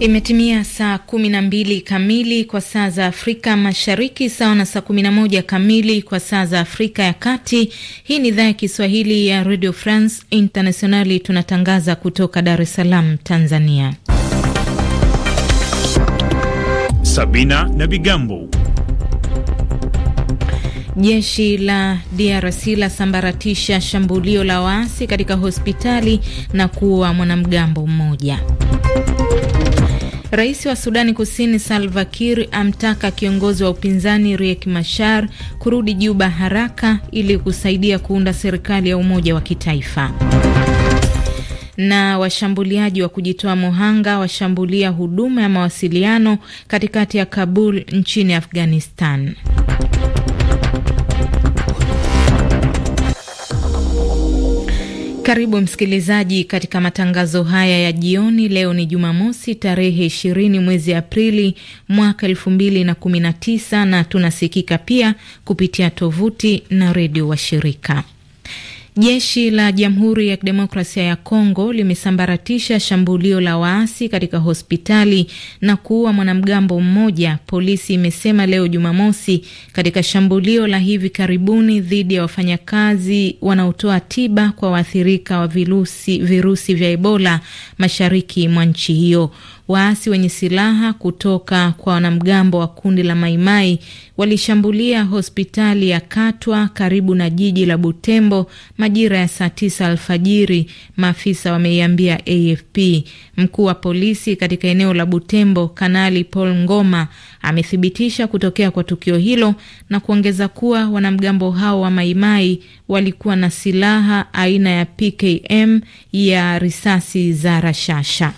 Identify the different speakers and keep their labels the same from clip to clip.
Speaker 1: Imetimia saa 12 kamili kwa saa za Afrika Mashariki, sawa na saa 11 kamili kwa saa za Afrika ya Kati. Hii ni idhaa ya Kiswahili ya Radio France Internationali, tunatangaza kutoka Dar es Salaam, Tanzania.
Speaker 2: Sabina na Bigambo.
Speaker 1: Jeshi la DRC la sambaratisha shambulio la waasi katika hospitali na kuua mwanamgambo mmoja. Rais wa Sudani Kusini Salva Kiir amtaka kiongozi wa upinzani Riek Machar kurudi Juba haraka ili kusaidia kuunda serikali ya umoja wa kitaifa. Na washambuliaji wa kujitoa muhanga washambulia huduma ya mawasiliano katikati ya Kabul nchini Afghanistan. Karibu msikilizaji katika matangazo haya ya jioni. Leo ni Jumamosi tarehe 20 mwezi Aprili mwaka 2019 na tunasikika pia kupitia tovuti na redio wa shirika Jeshi la Jamhuri ya Kidemokrasia ya Kongo limesambaratisha shambulio la waasi katika hospitali na kuua mwanamgambo mmoja, polisi imesema leo Jumamosi, katika shambulio la hivi karibuni dhidi ya wafanyakazi wanaotoa tiba kwa waathirika wa virusi, virusi vya Ebola mashariki mwa nchi hiyo. Waasi wenye silaha kutoka kwa wanamgambo wa kundi la Maimai walishambulia hospitali ya Katwa karibu na jiji la Butembo majira ya saa tisa alfajiri, maafisa wameiambia AFP. Mkuu wa polisi katika eneo la Butembo, Kanali Paul Ngoma, amethibitisha kutokea kwa tukio hilo na kuongeza kuwa wanamgambo hao wa Maimai walikuwa na silaha aina ya PKM ya risasi za rashasha.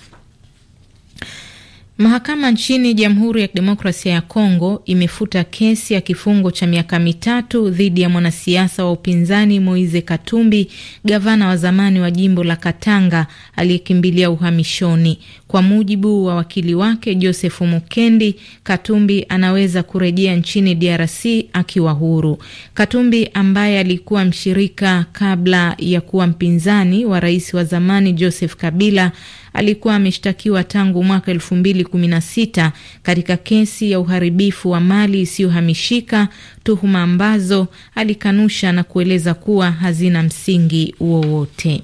Speaker 1: Mahakama nchini Jamhuri ya Kidemokrasia ya Kongo imefuta kesi ya kifungo cha miaka mitatu dhidi ya mwanasiasa wa upinzani moise Katumbi, gavana wa zamani wa jimbo la Katanga aliyekimbilia uhamishoni. Kwa mujibu wa wakili wake Joseph Mukendi, Katumbi anaweza kurejea nchini DRC akiwa huru. Katumbi ambaye alikuwa mshirika kabla ya kuwa mpinzani wa rais wa zamani Joseph Kabila alikuwa ameshtakiwa tangu mwaka elfu mbili kumi na sita katika kesi ya uharibifu wa mali isiyohamishika, tuhuma ambazo alikanusha na kueleza kuwa hazina msingi wowote.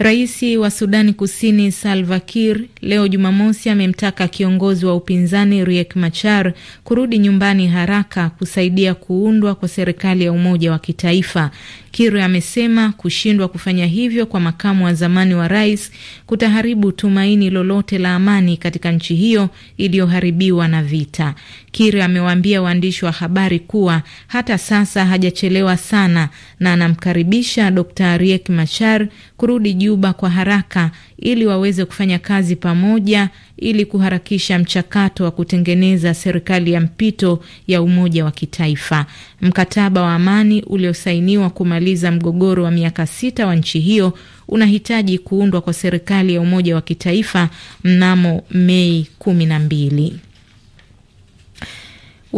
Speaker 1: Rais wa Sudani Kusini Salva Kiir leo Jumamosi amemtaka kiongozi wa upinzani Riek Machar kurudi nyumbani haraka kusaidia kuundwa kwa serikali ya umoja wa kitaifa. Kirwe amesema kushindwa kufanya hivyo kwa makamu wa zamani wa rais kutaharibu tumaini lolote la amani katika nchi hiyo iliyoharibiwa na vita. Kirwe amewaambia waandishi wa habari kuwa hata sasa hajachelewa sana na anamkaribisha Dr. Riek Machar kurudi Juba kwa haraka ili waweze kufanya kazi pamoja ili kuharakisha mchakato wa kutengeneza serikali ya mpito ya umoja wa kitaifa. Mkataba wa amani uliosainiwa kumaliza mgogoro wa miaka sita wa nchi hiyo unahitaji kuundwa kwa serikali ya umoja wa kitaifa mnamo Mei kumi na mbili.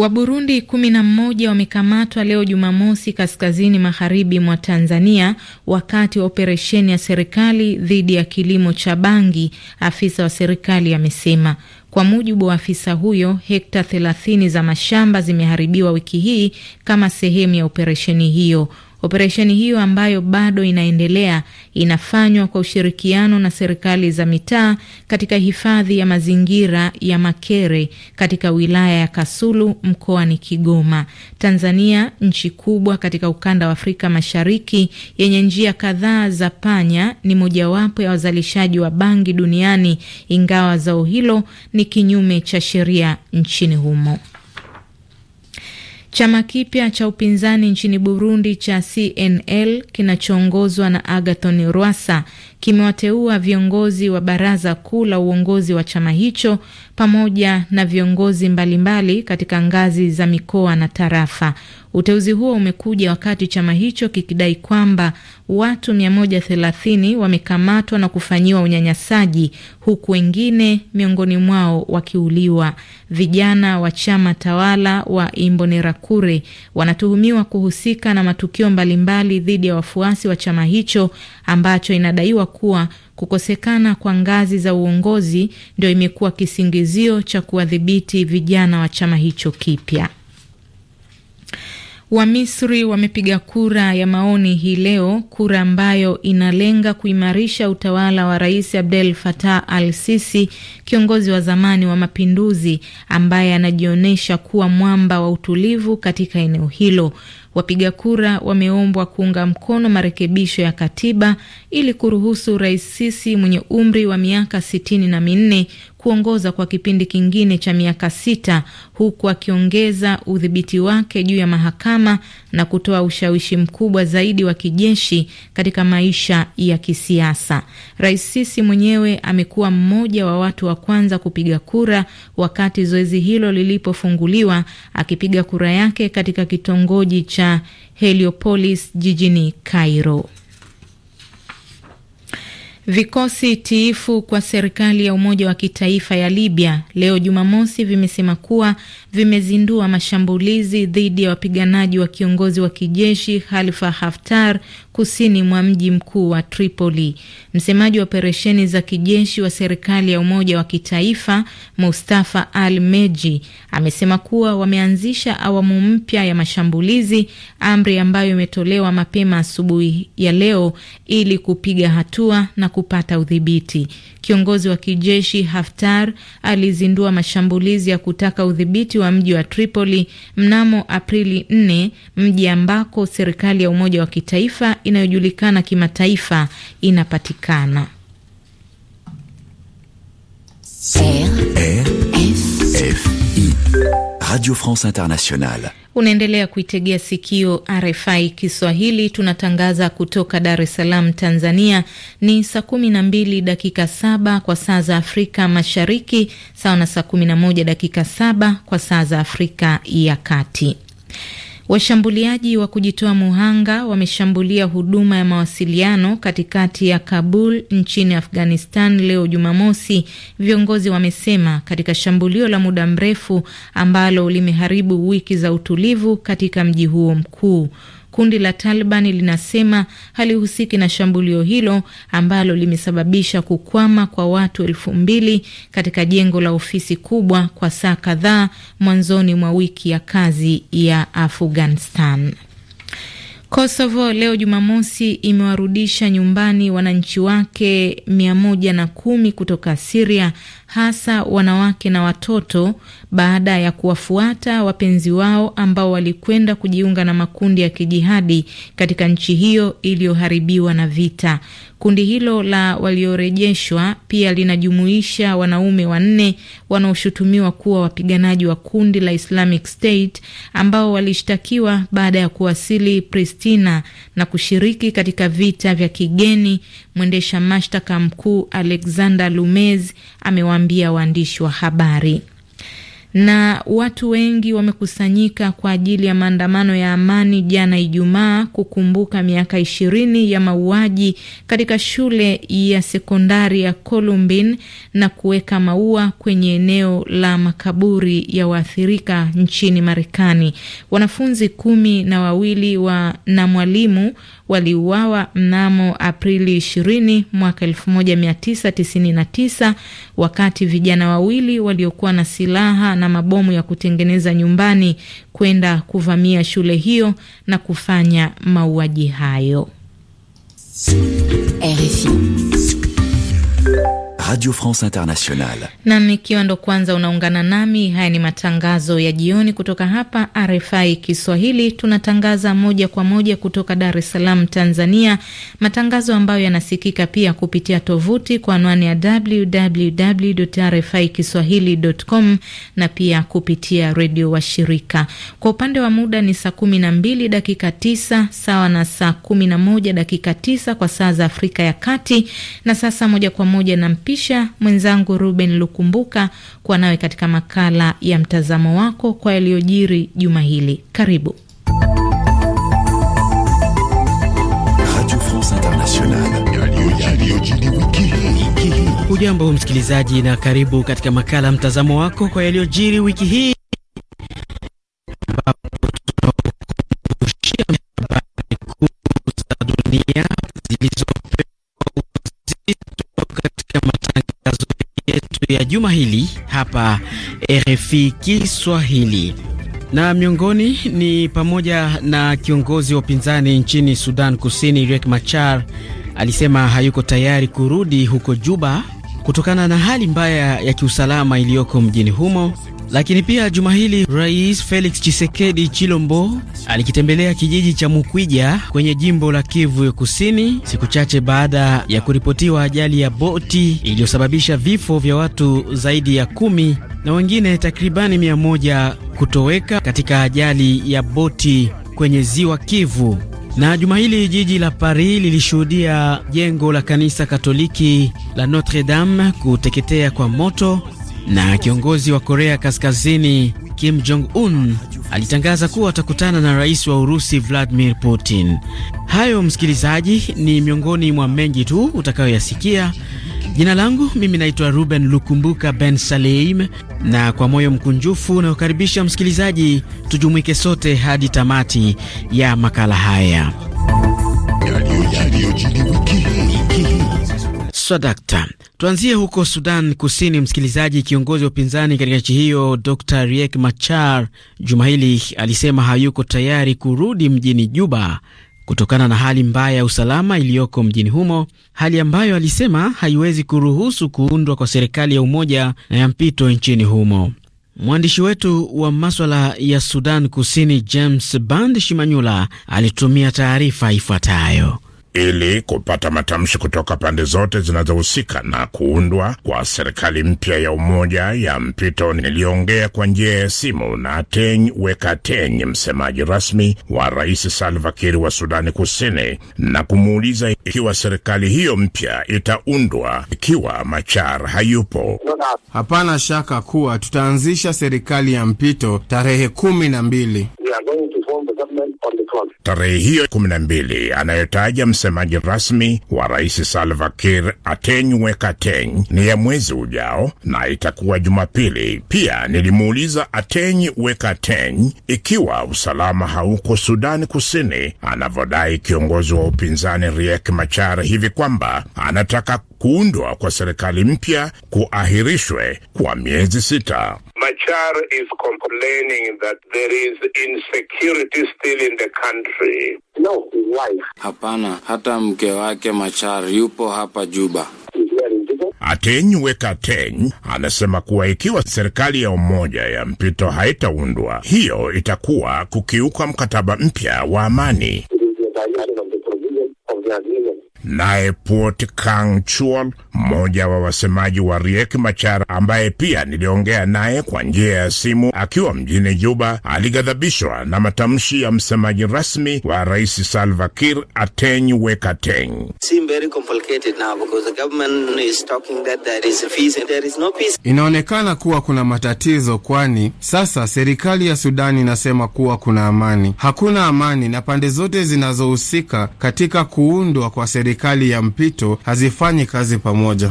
Speaker 1: Waburundi kumi na mmoja wamekamatwa leo Jumamosi kaskazini magharibi mwa Tanzania wakati wa operesheni ya serikali dhidi ya kilimo cha bangi, afisa wa serikali amesema. Kwa mujibu wa afisa huyo, hekta 30 za mashamba zimeharibiwa wiki hii kama sehemu ya operesheni hiyo. Operesheni hiyo ambayo bado inaendelea inafanywa kwa ushirikiano na serikali za mitaa katika hifadhi ya mazingira ya Makere katika wilaya ya Kasulu mkoani Kigoma. Tanzania, nchi kubwa katika ukanda wa Afrika Mashariki yenye njia kadhaa za panya, ni mojawapo ya wazalishaji wa bangi duniani, ingawa zao hilo ni kinyume cha sheria nchini humo. Chama kipya cha upinzani nchini Burundi cha CNL kinachoongozwa na Agathon Rwasa kimewateua viongozi wa baraza kuu la uongozi wa chama hicho pamoja na viongozi mbalimbali katika ngazi za mikoa na tarafa. Uteuzi huo umekuja wakati chama hicho kikidai kwamba watu 130 wamekamatwa na kufanyiwa unyanyasaji huku wengine miongoni mwao wakiuliwa. Vijana wa chama tawala wa Imbonerakure wanatuhumiwa kuhusika na matukio mbalimbali dhidi ya wafuasi wa chama hicho ambacho inadaiwa kuwa kukosekana kwa ngazi za uongozi ndio imekuwa kisingizio cha kuwadhibiti vijana wa chama hicho kipya. Wamisri wamepiga kura ya maoni hii leo, kura ambayo inalenga kuimarisha utawala wa Rais Abdel Fattah Al Sisi, kiongozi wa zamani wa mapinduzi ambaye anajionyesha kuwa mwamba wa utulivu katika eneo hilo. Wapiga kura wameombwa kuunga mkono marekebisho ya katiba ili kuruhusu Rais Sisi mwenye umri wa miaka sitini na minne kuongoza kwa kipindi kingine cha miaka sita huku akiongeza udhibiti wake juu ya mahakama na kutoa ushawishi mkubwa zaidi wa kijeshi katika maisha ya kisiasa. Rais Sisi mwenyewe amekuwa mmoja wa watu wa kwanza kupiga kura wakati zoezi hilo lilipofunguliwa, akipiga kura yake katika kitongoji cha Heliopolis jijini Cairo. Vikosi tiifu kwa serikali ya umoja wa kitaifa ya Libya leo Jumamosi vimesema kuwa vimezindua mashambulizi dhidi ya wapiganaji wa kiongozi wa kijeshi Khalifa Haftar kusini mwa mji mkuu wa Tripoli. Msemaji wa operesheni za kijeshi wa serikali ya umoja wa kitaifa Mustafa Al Meji amesema kuwa wameanzisha awamu mpya ya mashambulizi, amri ambayo imetolewa mapema asubuhi ya leo ili kupiga hatua na kupata udhibiti. Kiongozi wa kijeshi Haftar alizindua mashambulizi ya kutaka udhibiti wa mji wa Tripoli mnamo Aprili 4, mji ambako serikali ya umoja wa kitaifa inayojulikana kimataifa inapatikana.
Speaker 3: RFI Radio France Internationale.
Speaker 1: Unaendelea kuitegea sikio RFI Kiswahili, tunatangaza kutoka Dar es Salaam, Tanzania. Ni saa 12 dakika saba kwa saa za Afrika Mashariki, sawa na saa 11 dakika saba kwa saa za Afrika ya Kati. Washambuliaji wa kujitoa muhanga wameshambulia huduma ya mawasiliano katikati ya Kabul nchini Afghanistan leo Jumamosi, viongozi wamesema, katika shambulio la muda mrefu ambalo limeharibu wiki za utulivu katika mji huo mkuu. Kundi la Talibani linasema halihusiki na shambulio hilo ambalo limesababisha kukwama kwa watu elfu mbili katika jengo la ofisi kubwa kwa saa kadhaa mwanzoni mwa wiki ya kazi ya Afghanistan. Afghanistan. Kosovo leo Jumamosi imewarudisha nyumbani wananchi wake mia moja na kumi kutoka Siria hasa wanawake na watoto, baada ya kuwafuata wapenzi wao ambao walikwenda kujiunga na makundi ya kijihadi katika nchi hiyo iliyoharibiwa na vita. Kundi hilo la waliorejeshwa pia linajumuisha wanaume wanne wanaoshutumiwa kuwa wapiganaji wa kundi la Islamic State ambao walishtakiwa baada ya kuwasili Pristina na kushiriki katika vita vya kigeni Mwendesha mashtaka mkuu Alexander Lumez amewaambia waandishi wa habari. Na watu wengi wamekusanyika kwa ajili ya maandamano ya amani jana Ijumaa kukumbuka miaka ishirini ya mauaji katika shule ya sekondari ya Columbin na kuweka maua kwenye eneo la makaburi ya waathirika nchini Marekani. Wanafunzi kumi na wawili wa na mwalimu waliuawa mnamo Aprili 20 mwaka 1999 wakati vijana wawili waliokuwa na silaha na mabomu ya kutengeneza nyumbani kwenda kuvamia shule hiyo na kufanya mauaji hayo. RFI.
Speaker 3: Radio France Internationale.
Speaker 1: Nam, ikiwa ndo kwanza unaungana nami, haya ni matangazo ya jioni kutoka hapa RFI Kiswahili. Tunatangaza moja kwa moja kutoka Dar es Salaam, Tanzania, matangazo ambayo yanasikika pia kupitia tovuti kwa anwani ya www RFI kiswahilicom na pia kupitia redio wa shirika. Kwa upande wa muda ni saa kumi na mbili dakika tisa sawa na saa kumi na moja dakika tisa kwa saa za Afrika ya Kati. Na sasa moja kwa moja na mpisha kukamilisha, mwenzangu Ruben Lukumbuka kuwa nawe katika makala ya mtazamo wako kwa yaliyojiri juma hili. Karibu
Speaker 3: Radio France Internationale.
Speaker 4: Ujambo msikilizaji, na karibu katika makala mtazamo wako kwa yaliyojiri wiki hii ya juma hili hapa RFI Kiswahili na miongoni ni pamoja na kiongozi wa upinzani nchini Sudan Kusini Riek Machar alisema hayuko tayari kurudi huko Juba kutokana na hali mbaya ya kiusalama iliyoko mjini humo. Lakini pia juma hili Rais Felix Chisekedi Chilombo alikitembelea kijiji cha Mukwija kwenye jimbo la Kivu ya Kusini, siku chache baada ya kuripotiwa ajali ya boti iliyosababisha vifo vya watu zaidi ya kumi na wengine takribani mia moja kutoweka katika ajali ya boti kwenye ziwa Kivu. Na juma hili jiji la Paris lilishuhudia jengo la kanisa Katoliki la Notre Dame kuteketea kwa moto na kiongozi wa Korea Kaskazini Kim Jong Un alitangaza kuwa atakutana na rais wa Urusi Vladimir Putin. Hayo msikilizaji, ni miongoni mwa mengi tu utakayoyasikia. Jina langu mimi naitwa Ruben Lukumbuka Ben Saleim, na kwa moyo mkunjufu unayokaribisha msikilizaji, tujumuike sote hadi tamati ya makala haya yaliyojiri dakta. tuanzie huko Sudan Kusini, msikilizaji. Kiongozi wa upinzani katika nchi hiyo Dr Riek Machar juma hili alisema hayuko tayari kurudi mjini Juba kutokana na hali mbaya ya usalama iliyoko mjini humo, hali ambayo alisema haiwezi kuruhusu kuundwa kwa serikali ya umoja na ya mpito nchini humo. Mwandishi wetu wa maswala ya Sudan Kusini James Band Shimanyula alitumia taarifa ifuatayo
Speaker 2: ili kupata matamshi kutoka pande zote zinazohusika na kuundwa kwa serikali mpya ya umoja ya mpito. Niliongea kwa njia ya simu na weka teny msemaji rasmi wa Rais Salva Kiir wa Sudani Kusini, na kumuuliza ikiwa serikali hiyo mpya itaundwa ikiwa Machar hayupo.
Speaker 5: Hapana shaka kuwa tutaanzisha serikali ya mpito tarehe kumi na mbili.
Speaker 2: Tarehe hiyo kumi na mbili anayotaja msemaji rasmi wa rais Salva Kiir Atenywe Kateny ni ya mwezi ujao na itakuwa Jumapili. Pia nilimuuliza Atenywe wekaten ikiwa usalama hauko Sudani Kusini anavyodai kiongozi wa upinzani Riek Machar hivi kwamba anataka kuundwa kwa serikali mpya kuahirishwe kwa miezi sita. Machar is complaining that there is insecurity still in the country. No, wife.
Speaker 5: Hapana, hata mke wake Machar yupo hapa
Speaker 2: Juba. Ateny Weka Ateny anasema kuwa ikiwa serikali ya umoja ya mpito haitaundwa, hiyo itakuwa kukiuka mkataba mpya wa amani. Naye Port Kang Chuol, mmoja wa wasemaji wa Riek Machar, ambaye pia niliongea naye kwa njia ya simu akiwa mjini Juba, alighadhabishwa na matamshi ya msemaji rasmi wa Rais Salva Kiir, Ateny Wekateny. inaonekana kuwa kuna
Speaker 5: matatizo, kwani sasa serikali ya Sudani inasema kuwa kuna amani. Hakuna amani, na pande zote zinazohusika katika kuundwa kwa serikali serikali ya mpito hazifanyi
Speaker 2: kazi pamoja.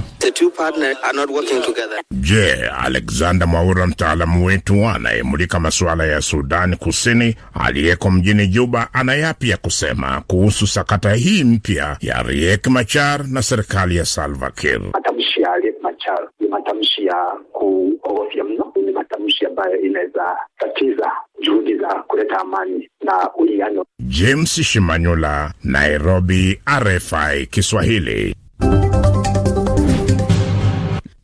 Speaker 2: Je, Alexander Mwaura, mtaalamu wetu anayemulika masuala ya Sudani Kusini aliyeko mjini Juba, anayapi ya kusema kuhusu sakata hii mpya ya Riek Machar na serikali ya Salva Kiir?
Speaker 6: matamshi ya kuogofya mno, ni matamshi ambayo inaweza tatiza juhudi za kuleta amani na uwiano.
Speaker 2: James Shimanyula, Nairobi, RFI Kiswahili.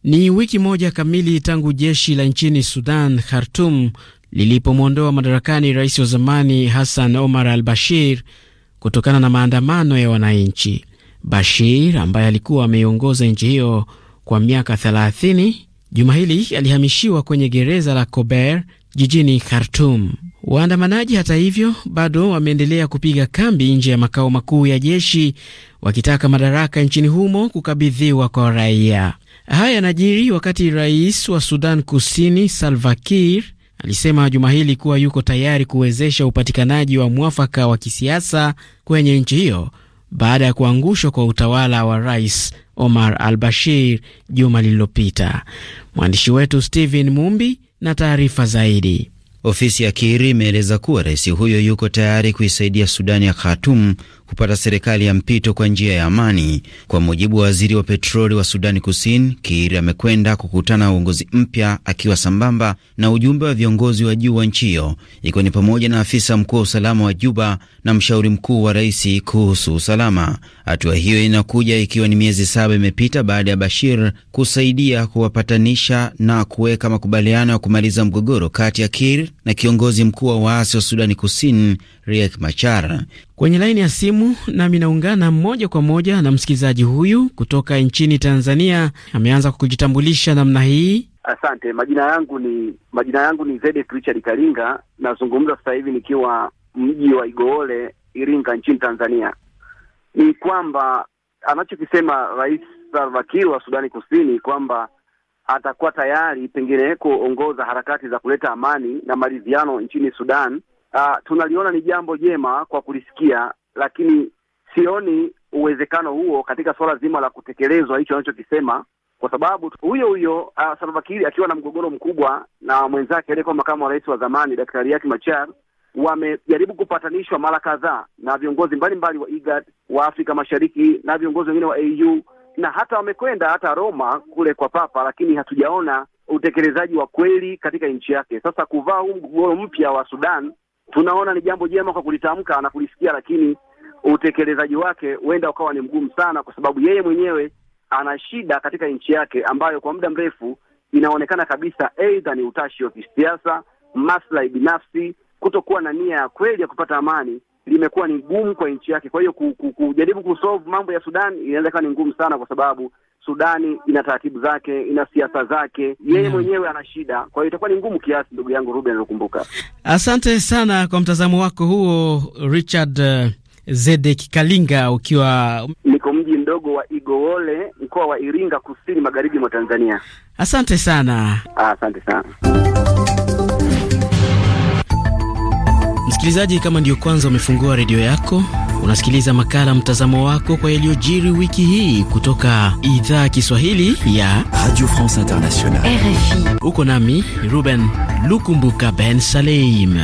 Speaker 4: Ni wiki moja kamili tangu jeshi la nchini Sudan khartum lilipomwondoa madarakani rais wa zamani Hassan Omar al-Bashir kutokana na maandamano ya wananchi. Bashir ambaye alikuwa ameiongoza nchi hiyo kwa miaka 30 juma hili alihamishiwa kwenye gereza la Kober jijini Khartum. Waandamanaji hata hivyo bado wameendelea kupiga kambi nje ya makao makuu ya jeshi wakitaka madaraka nchini humo kukabidhiwa kwa raia. Haya yanajiri wakati rais wa Sudan Kusini Salva Kiir alisema juma hili kuwa yuko tayari kuwezesha upatikanaji wa mwafaka wa kisiasa kwenye nchi hiyo baada ya kuangushwa kwa utawala wa rais Omar al Bashir juma lililopita. Mwandishi wetu Stephen Mumbi na taarifa zaidi. Ofisi ya Kiiri imeeleza kuwa rais huyo yuko tayari kuisaidia Sudani ya Khartoum kupata serikali ya mpito kwa njia ya amani. Kwa mujibu wa waziri wa petroli wa Sudani Kusini, Kiir amekwenda kukutana na uongozi mpya akiwa sambamba na ujumbe wa viongozi wa juu wa nchi hiyo, ikiwa ni pamoja na afisa mkuu wa usalama wa Juba na mshauri mkuu wa rais kuhusu usalama. Hatua hiyo inakuja ikiwa ni miezi saba imepita baada ya Bashir kusaidia kuwapatanisha na kuweka makubaliano ya kumaliza mgogoro kati ya Kiir na kiongozi mkuu wa waasi wa Sudani Kusini Riek Machar. Kwenye laini ya simu nami naungana moja kwa moja na msikilizaji huyu kutoka nchini Tanzania, ameanza kwa kujitambulisha namna hii.
Speaker 6: Asante, majina yangu ni majina yangu ni Zedek Richard Karinga, nazungumza sasa hivi nikiwa mji wa Igoole, Iringa, nchini Tanzania. Ni kwamba anachokisema Rais Salva Kiir wa Sudani Kusini kwamba atakuwa tayari pengine kuongoza harakati za kuleta amani na maridhiano nchini Sudan uh, tunaliona ni jambo jema kwa kulisikia, lakini sioni uwezekano huo katika suala zima la kutekelezwa hicho anachokisema, kwa sababu huyo huyo uh, Salva Kiir akiwa na mgogoro mkubwa na mwenzake aliyekuwa makamu wa rais wa zamani Daktari Riek Machar wamejaribu kupatanishwa mara kadhaa na viongozi mbalimbali wa IGAD wa Afrika Mashariki na viongozi wengine wa AU na hata wamekwenda hata Roma kule kwa Papa, lakini hatujaona utekelezaji wa kweli katika nchi yake. Sasa kuvaa huu mgogoro mpya wa Sudan tunaona ni jambo jema kwa kulitamka na kulisikia, lakini utekelezaji wake huenda ukawa ni mgumu sana, kwa sababu yeye mwenyewe ana shida katika nchi yake ambayo kwa muda mrefu inaonekana kabisa, aidha ni utashi wa kisiasa, maslahi binafsi, kutokuwa na nia ya kweli ya kupata amani, limekuwa ni ngumu kwa nchi yake. Kwa hiyo kujaribu kusolve mambo ya Sudan inaweza kuwa ni ngumu sana, kwa sababu Sudani ina taratibu zake, ina siasa zake, yeye mwenyewe ana shida. Kwa hiyo itakuwa ni ngumu kiasi, ndugu yangu Ruben alikumbuka.
Speaker 4: Asante sana kwa mtazamo wako huo, Richard eh, Zedek Kalinga, ukiwa
Speaker 6: niko mji mdogo wa Igowole, mkoa wa Iringa, kusini magharibi mwa Tanzania.
Speaker 4: Asante sana, ah, asante sana. Msikilizaji, kama ndiyo kwanza umefungua redio yako Unasikiliza makala mtazamo wako kwa yaliyojiri wiki hii kutoka idhaa Kiswahili ya Radio France Internationale RFI. Uko nami Ruben Lukumbuka Ben Saleim.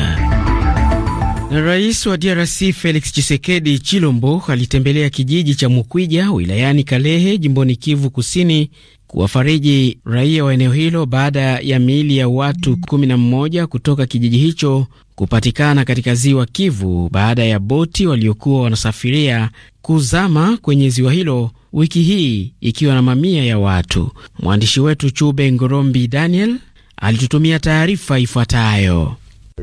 Speaker 4: Rais wa DRC Felix Tshisekedi Chilombo alitembelea kijiji cha Mukwija wilayani Kalehe jimboni Kivu Kusini kuwafariji raia wa eneo hilo baada ya miili ya watu 11 kutoka kijiji hicho kupatikana katika ziwa Kivu baada ya boti waliokuwa wanasafiria kuzama kwenye ziwa hilo wiki hii ikiwa na mamia ya watu. Mwandishi wetu Chube Ngorombi Daniel alitutumia taarifa ifuatayo.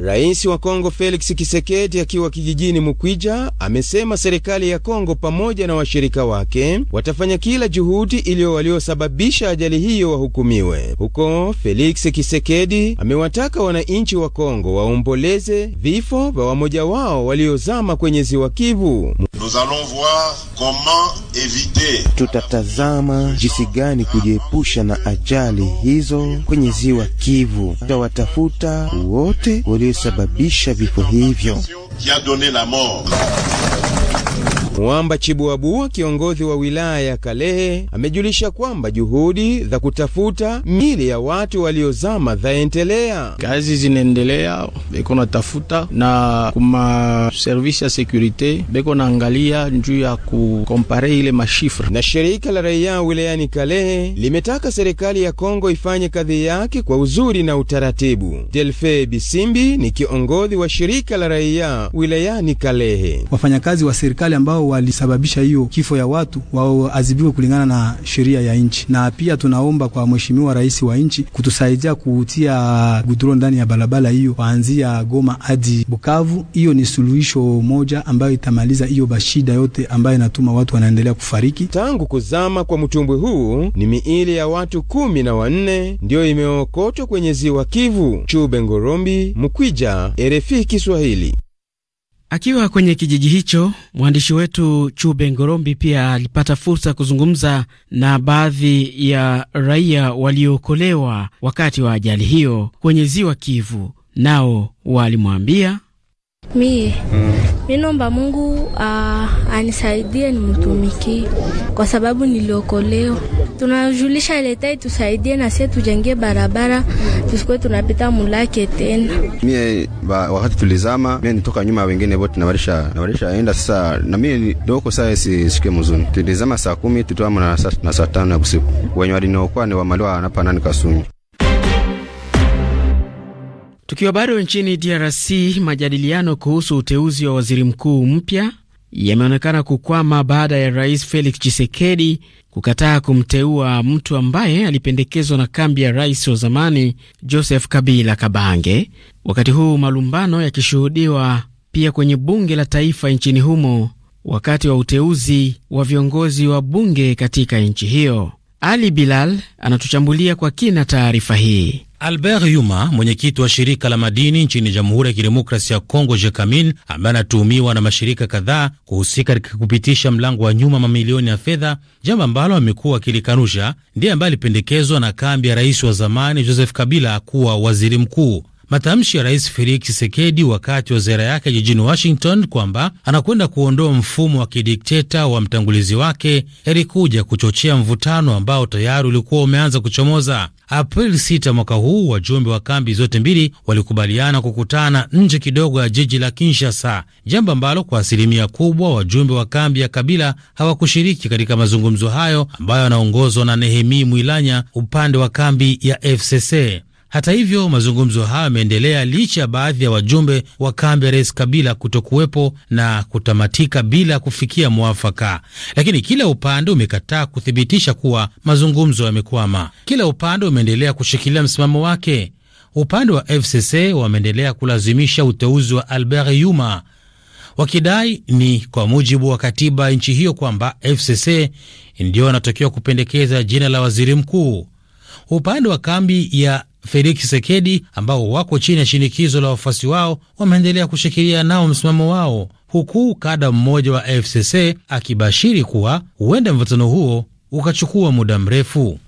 Speaker 5: Rais wa Kongo Felix Kisekedi akiwa kijijini Mukwija amesema serikali ya Kongo pamoja na washirika wake watafanya kila juhudi ili waliosababisha ajali hiyo wahukumiwe. Huko Felix Kisekedi amewataka wananchi wa Kongo waomboleze vifo vya wamoja wao waliozama kwenye ziwa Kivu. Tutatazama jinsi gani kujiepusha na ajali hizo kwenye ziwa Kivu. Tutawatafuta wote walio Sa babiche à vie
Speaker 2: qui a donné la mort.
Speaker 5: Mwamba Chibuabua, kiongozi wa wilaya ya Kalehe, amejulisha kwamba juhudi za kutafuta miili ya watu waliozama zaendelea. Kazi zinaendelea, beko natafuta na kuma service ya sekurite beko naangalia njuu ya kukompare ile mashifra. Na shirika la raia wilayani Kalehe limetaka serikali ya Kongo ifanye kazi yake kwa uzuri na utaratibu. Delfe Bisimbi ni kiongozi wa shirika la raia wilayani Kalehe.
Speaker 7: Wafanyakazi wa serikali ambao walisababisha hiyo kifo ya watu waadhibiwe kulingana na sheria ya nchi. Na pia tunaomba kwa mheshimiwa rais wa nchi kutusaidia kuutia
Speaker 5: gudro ndani ya barabara hiyo kuanzia Goma hadi Bukavu. Hiyo ni suluhisho moja ambayo itamaliza hiyo bashida yote ambayo inatuma watu wanaendelea kufariki. Tangu kuzama kwa mtumbwi huu ni miili ya watu kumi na wanne ndiyo imeokotwa kwenye ziwa Kivu. Chube Ngorombi, Mkwija, RFI Kiswahili.
Speaker 4: Akiwa kwenye kijiji hicho, mwandishi wetu Chube Ngorombi pia alipata fursa ya kuzungumza na baadhi ya raia waliookolewa wakati wa ajali hiyo kwenye ziwa Kivu, nao walimwambia Mie mm.
Speaker 1: nomba Mungu uh, anisaidie nimtumikie, kwa sababu niliokolewa. Tunajulisha leta itusaidie na sie tujenge barabara, tusikuwe tunapita mulake tena.
Speaker 5: Mie ba, wakati tulizama mie nitoka nyuma, wengine bote nabalisha nabalisha enda sasa, na mie doko sasa sike muzuni. Tulizama saa kumi tutwamo na saa tano ya usiku, wenye walinokuwa ni wamaliwa anapa nani kasunyi
Speaker 4: Tukiwa bado nchini DRC, majadiliano kuhusu uteuzi wa waziri mkuu mpya yameonekana kukwama baada ya rais Felix Tshisekedi kukataa kumteua mtu ambaye alipendekezwa na kambi ya rais wa zamani Joseph Kabila Kabange, wakati huu malumbano yakishuhudiwa pia kwenye bunge la taifa nchini humo wakati wa uteuzi wa viongozi wa bunge katika nchi hiyo. Ali Bilal anatuchambulia kwa kina taarifa hii. Albert Yuma,
Speaker 8: mwenyekiti wa shirika la madini nchini Jamhuri ya Kidemokrasia ya Kongo, JECAMIN, ambaye anatuhumiwa na mashirika kadhaa kuhusika katika kupitisha mlango wa nyuma mamilioni ya fedha, jambo ambalo amekuwa akilikanusha, ndiye ambaye alipendekezwa na kambi ya rais wa zamani Joseph Kabila kuwa waziri mkuu. Matamshi ya Rais Felix chisekedi wakati wa ziara yake jijini Washington kwamba anakwenda kuondoa mfumo wa kidikteta wa mtangulizi wake yalikuja kuchochea mvutano ambao tayari ulikuwa umeanza kuchomoza. Aprili 6 mwaka huu, wajumbe wa kambi zote mbili walikubaliana kukutana nje kidogo ya jiji la Kinshasa, jambo ambalo kwa asilimia kubwa wajumbe wa kambi ya Kabila hawakushiriki katika mazungumzo hayo ambayo yanaongozwa na Nehemi Mwilanya upande wa kambi ya FCC. Hata hivyo, mazungumzo hayo yameendelea licha ya baadhi ya wajumbe wa kambi ya Rais Kabila kutokuwepo na kutamatika bila kufikia mwafaka, lakini kila upande umekataa kuthibitisha kuwa mazungumzo yamekwama. Kila upande umeendelea kushikilia msimamo wake. Upande wa FCC wameendelea kulazimisha uteuzi wa Albert Yuma wakidai ni kwa mujibu wa katiba ya nchi hiyo kwamba FCC ndio wanatakiwa kupendekeza jina la waziri mkuu. Upande wa kambi ya Felix Tshisekedi ambao wako chini ya shinikizo la wafuasi wao wameendelea kushikilia nao msimamo wao, huku kada mmoja wa FCC akibashiri kuwa huenda mvutano huo ukachukua
Speaker 4: muda mrefu.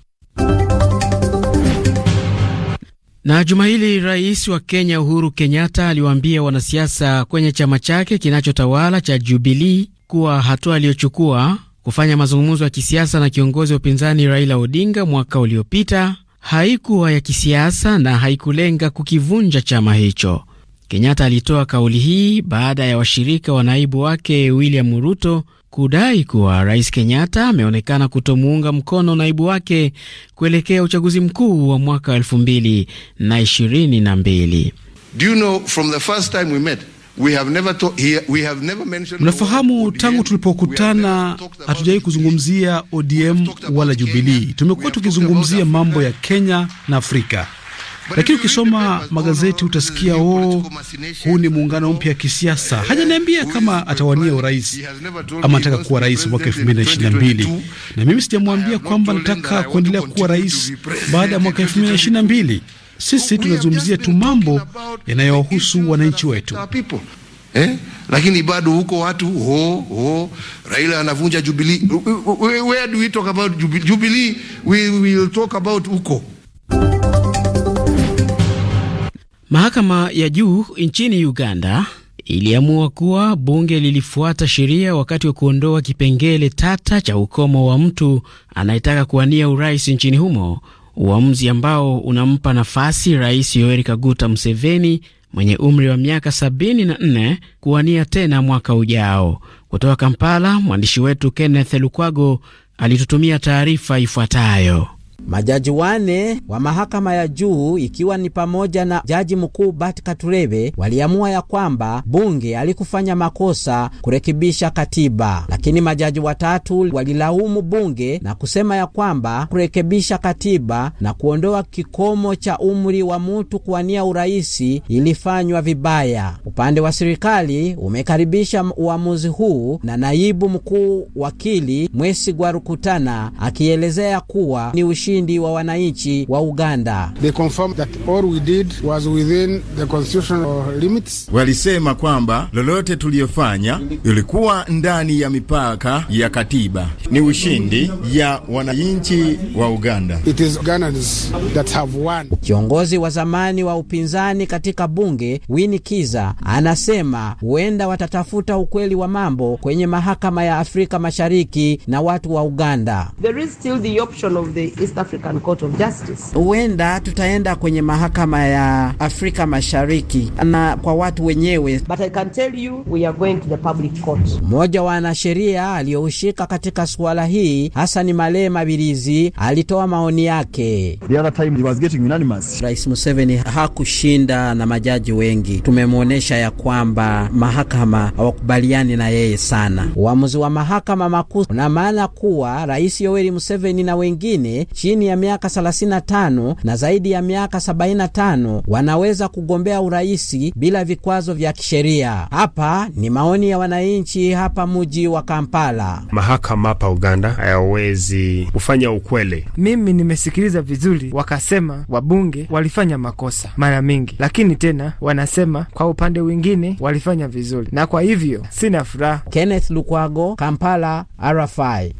Speaker 4: Na juma hili rais wa Kenya Uhuru Kenyatta aliwaambia wanasiasa kwenye chama chake kinachotawala cha jubili kuwa hatua aliyochukua kufanya mazungumzo ya kisiasa na kiongozi wa upinzani Raila Odinga mwaka uliopita haikuwa ya kisiasa na haikulenga kukivunja chama hicho. Kenyatta alitoa kauli hii baada ya washirika wa naibu wake William Ruto kudai kuwa Rais Kenyatta ameonekana kutomuunga mkono naibu wake kuelekea uchaguzi mkuu wa mwaka 2022
Speaker 7: mnafahamu, tangu tulipokutana hatujawahi kuzungumzia ODM wala Jubilii. Tumekuwa tukizungumzia mambo ya Kenya na Afrika, lakini ukisoma magazeti utasikia oo, oh, huu ni muungano oh, mpya wa kisiasa. Eh, Hajaniambia kama atawania urais ama anataka kuwa rais mwaka 2022 na mimi sijamwambia kwamba nataka kuendelea kuwa rais baada ya mwaka mbili. Sisi tunazungumzia tu mambo yanayohusu wananchi wetu
Speaker 5: eh? Lakini bado huko
Speaker 8: watu ho ho, Raila anavunja Jubilee. Where do we talk about Jubilee? We will talk about huko
Speaker 4: Mahakama ya juu nchini Uganda iliamua kuwa bunge lilifuata sheria wakati wa kuondoa kipengele tata cha ukomo wa mtu anayetaka kuwania urais nchini humo uamuzi ambao unampa nafasi Rais Yoweri Kaguta Museveni mwenye umri wa miaka 74 kuwania tena mwaka ujao. Kutoka Kampala, mwandishi wetu Kenneth Lukwago alitutumia taarifa ifuatayo.
Speaker 9: Majaji wane wa mahakama ya juu ikiwa ni pamoja na jaji mkuu Bart Katurebe waliamua ya kwamba bunge alikufanya makosa kurekebisha katiba, lakini majaji watatu walilaumu bunge na kusema ya kwamba kurekebisha katiba na kuondoa kikomo cha umri wa mtu kuwania uraisi ilifanywa vibaya. Upande wa serikali umekaribisha uamuzi huu, na naibu mkuu wakili Mwesigwa Rukutana akielezea kuwa ni ushi ushindi wa wananchi wa Uganda. They confirmed that all we did was within the constitutional limits.
Speaker 5: Walisema kwamba lolote tuliyofanya ilikuwa ndani ya mipaka ya katiba. Ni ushindi ya
Speaker 9: wananchi wa Uganda. It is Ugandans that have won. Kiongozi wa zamani wa upinzani katika bunge Winnie Kiza anasema huenda watatafuta ukweli wa mambo kwenye mahakama ya Afrika Mashariki na watu wa Uganda. There is still the option of the East African Court of Justice. Huenda tutaenda kwenye mahakama ya Afrika Mashariki na kwa watu wenyewe. But I can tell you we are going to the public court. Mmoja wa wanasheria aliyoushika katika suala hii Hassan Male Mabilizi alitoa maoni yake. The other time he was getting unanimous. Rais Museveni hakushinda na majaji wengi, tumemwonyesha ya kwamba mahakama hawakubaliani na yeye sana. Uamuzi wa mahakama makuu una maana kuwa Rais Yoweri Museveni na wengine chini ya miaka 35 na zaidi ya miaka 75 wanaweza kugombea uraisi bila vikwazo vya kisheria. Hapa ni maoni ya wananchi hapa muji wa Kampala.
Speaker 5: Mahakama hapa Uganda hayawezi kufanya
Speaker 2: ukweli.
Speaker 9: Mimi nimesikiliza vizuri, wakasema wabunge walifanya makosa mara mingi, lakini tena wanasema kwa upande wingine walifanya vizuri, na kwa hivyo sina furaha. Kenneth Lukwago, Kampala, RFI.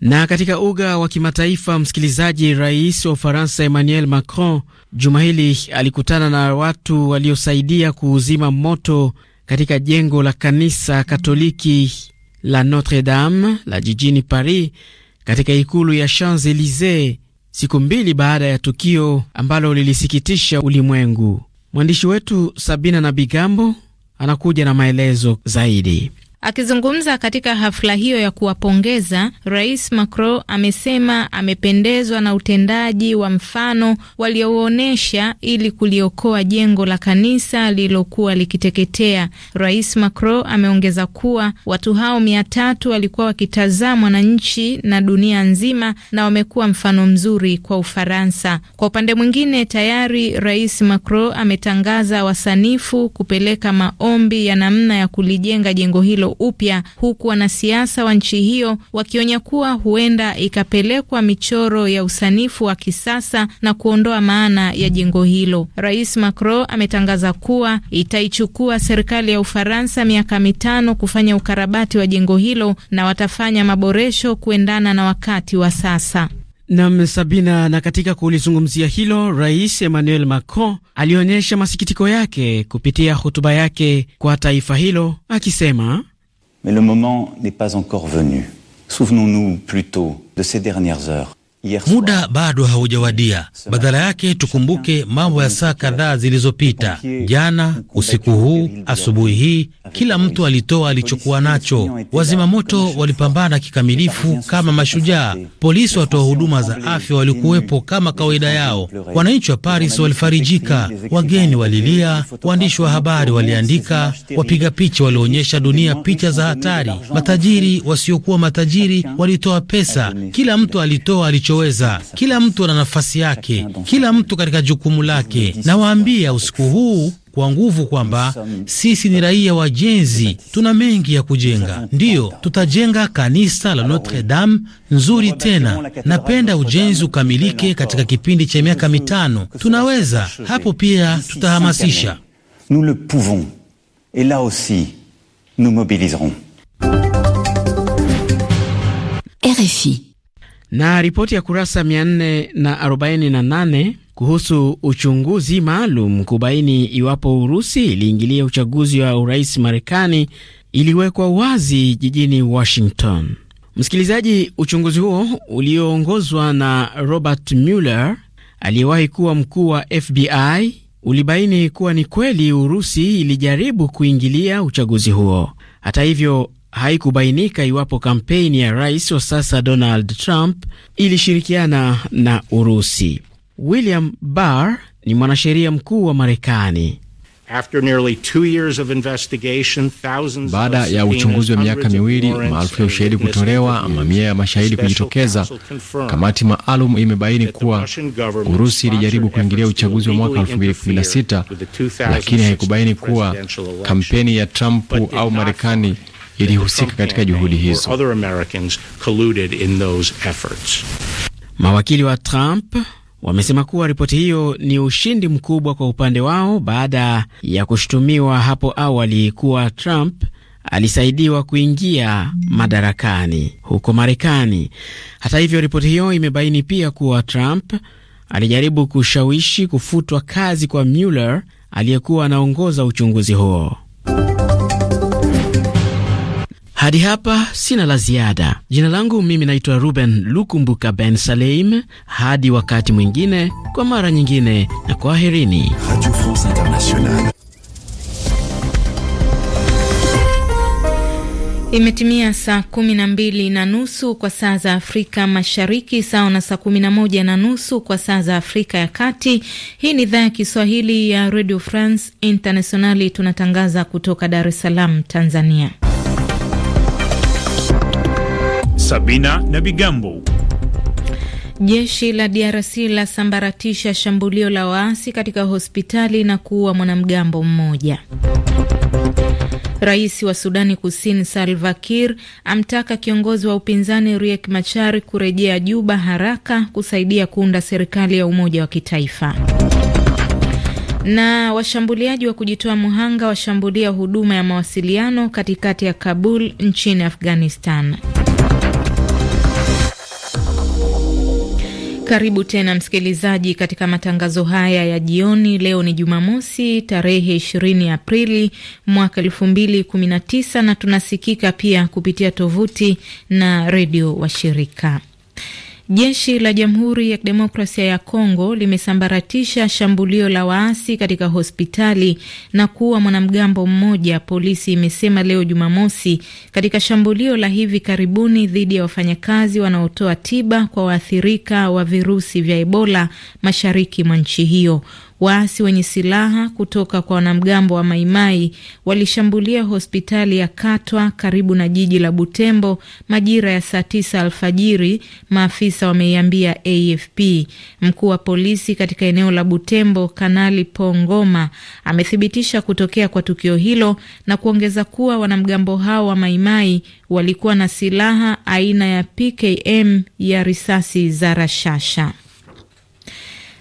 Speaker 4: Na katika uga wa kimataifa, msikilizaji, rais wa Ufaransa Emmanuel Macron juma hili alikutana na watu waliosaidia kuuzima moto katika jengo la kanisa Katoliki la Notre Dame la jijini Paris katika ikulu ya Champs Elysee siku mbili baada ya tukio ambalo lilisikitisha ulimwengu. Mwandishi wetu Sabina Nabigambo anakuja na maelezo zaidi.
Speaker 1: Akizungumza katika hafla hiyo ya kuwapongeza, Rais Macron amesema amependezwa na utendaji wa mfano waliouonyesha ili kuliokoa jengo la kanisa lililokuwa likiteketea. Rais Macron ameongeza kuwa watu hao mia tatu walikuwa wakitazamwa na nchi na dunia nzima na wamekuwa mfano mzuri kwa Ufaransa. Kwa upande mwingine, tayari Rais Macron ametangaza wasanifu kupeleka maombi ya namna ya kulijenga jengo hilo hilo upya, huku wanasiasa wa nchi hiyo wakionya kuwa huenda ikapelekwa michoro ya usanifu wa kisasa na kuondoa maana ya jengo hilo. Rais Macron ametangaza kuwa itaichukua serikali ya Ufaransa miaka mitano kufanya ukarabati wa jengo hilo na watafanya maboresho kuendana na wakati wa sasa.
Speaker 4: Nam Sabina. Na katika kulizungumzia hilo, Rais Emmanuel Macron alionyesha masikitiko yake kupitia hotuba yake kwa taifa hilo akisema
Speaker 3: Mais le moment n'est pas encore venu. Souvenons-nous plutôt de ces dernières heures
Speaker 4: Muda bado haujawadia. Badala
Speaker 8: yake tukumbuke mambo ya saa kadhaa zilizopita, jana
Speaker 3: usiku huu,
Speaker 8: asubuhi hii, kila mtu alitoa alichokuwa nacho. Wazima moto walipambana kikamilifu kama mashujaa, polisi, watoa huduma za afya walikuwepo kama kawaida yao, wananchi wa Paris walifarijika, wageni walilia, waandishi wa habari waliandika, wapiga picha walionyesha dunia picha za hatari, matajiri wasiokuwa matajiri walitoa pesa, kila mtu alitoa alicho mnavyoweza. Kila mtu ana nafasi yake, kila mtu katika jukumu lake. Nawaambia usiku huu kwa nguvu kwamba sisi ni raia wajenzi, tuna mengi ya kujenga. Ndiyo, tutajenga kanisa la Notre Dame nzuri tena. Napenda ujenzi ukamilike katika kipindi cha miaka mitano. Tunaweza hapo, pia tutahamasisha.
Speaker 4: RFI na ripoti ya kurasa 448 kuhusu uchunguzi maalum kubaini iwapo Urusi iliingilia uchaguzi wa urais Marekani iliwekwa wazi jijini Washington. Msikilizaji, uchunguzi huo ulioongozwa na Robert Mueller aliyewahi kuwa mkuu wa FBI ulibaini kuwa ni kweli Urusi ilijaribu kuingilia uchaguzi huo. Hata hivyo, haikubainika iwapo kampeni ya rais wa sasa Donald Trump ilishirikiana na Urusi. William Barr ni mwanasheria mkuu wa Marekani.
Speaker 2: Baada ya uchunguzi wa miaka miwili, maelfu ya ushahidi kutolewa, mamia ya mashahidi kujitokeza,
Speaker 10: kamati maalum imebaini kuwa Urusi ilijaribu kuingilia uchaguzi wa mwaka 2016 lakini haikubaini kuwa
Speaker 2: kampeni
Speaker 4: ya Trump au Marekani ilihusika katika juhudi hizo. Mawakili wa Trump wamesema kuwa ripoti hiyo ni ushindi mkubwa kwa upande wao baada ya kushutumiwa hapo awali kuwa Trump alisaidiwa kuingia madarakani huko Marekani. Hata hivyo, ripoti hiyo imebaini pia kuwa Trump alijaribu kushawishi kufutwa kazi kwa Mueller aliyekuwa anaongoza uchunguzi huo. Hadi hapa sina la ziada. Jina langu mimi naitwa Ruben Lukumbuka Ben Saleim. Hadi wakati mwingine, kwa mara nyingine, na kwaherini. aherini
Speaker 1: Imetimia saa kumi na mbili na nusu kwa saa za Afrika Mashariki, sawa na saa kumi na moja na nusu kwa saa za Afrika ya Kati. Hii ni idhaa ya Kiswahili ya Radio France Internationali, tunatangaza kutoka Dar es Salaam, Tanzania.
Speaker 2: Sabina na Bigambo.
Speaker 1: Jeshi la DRC la sambaratisha shambulio la waasi katika hospitali na kuua mwanamgambo mmoja. Rais wa Sudani Kusini Salva Kiir amtaka kiongozi wa upinzani Riek Machar kurejea Juba haraka kusaidia kuunda serikali ya umoja wa kitaifa. Na washambuliaji wa kujitoa mhanga washambulia huduma ya mawasiliano katikati ya Kabul nchini Afghanistan. Karibu tena msikilizaji, katika matangazo haya ya jioni. Leo ni Jumamosi, tarehe 20 Aprili mwaka 2019 na tunasikika pia kupitia tovuti na redio wa shirika Jeshi la Jamhuri ya Kidemokrasia ya Kongo limesambaratisha shambulio la waasi katika hospitali na kuua mwanamgambo mmoja, polisi imesema leo Jumamosi, katika shambulio la hivi karibuni dhidi ya wafanyakazi wanaotoa tiba kwa waathirika wa virusi vya Ebola mashariki mwa nchi hiyo. Waasi wenye silaha kutoka kwa wanamgambo wa Maimai walishambulia hospitali ya Katwa karibu na jiji la Butembo majira ya saa tisa alfajiri, maafisa wameiambia AFP. Mkuu wa polisi katika eneo la Butembo, Kanali Pongoma, amethibitisha kutokea kwa tukio hilo na kuongeza kuwa wanamgambo hao wa Maimai walikuwa na silaha aina ya PKM ya risasi za rashasha.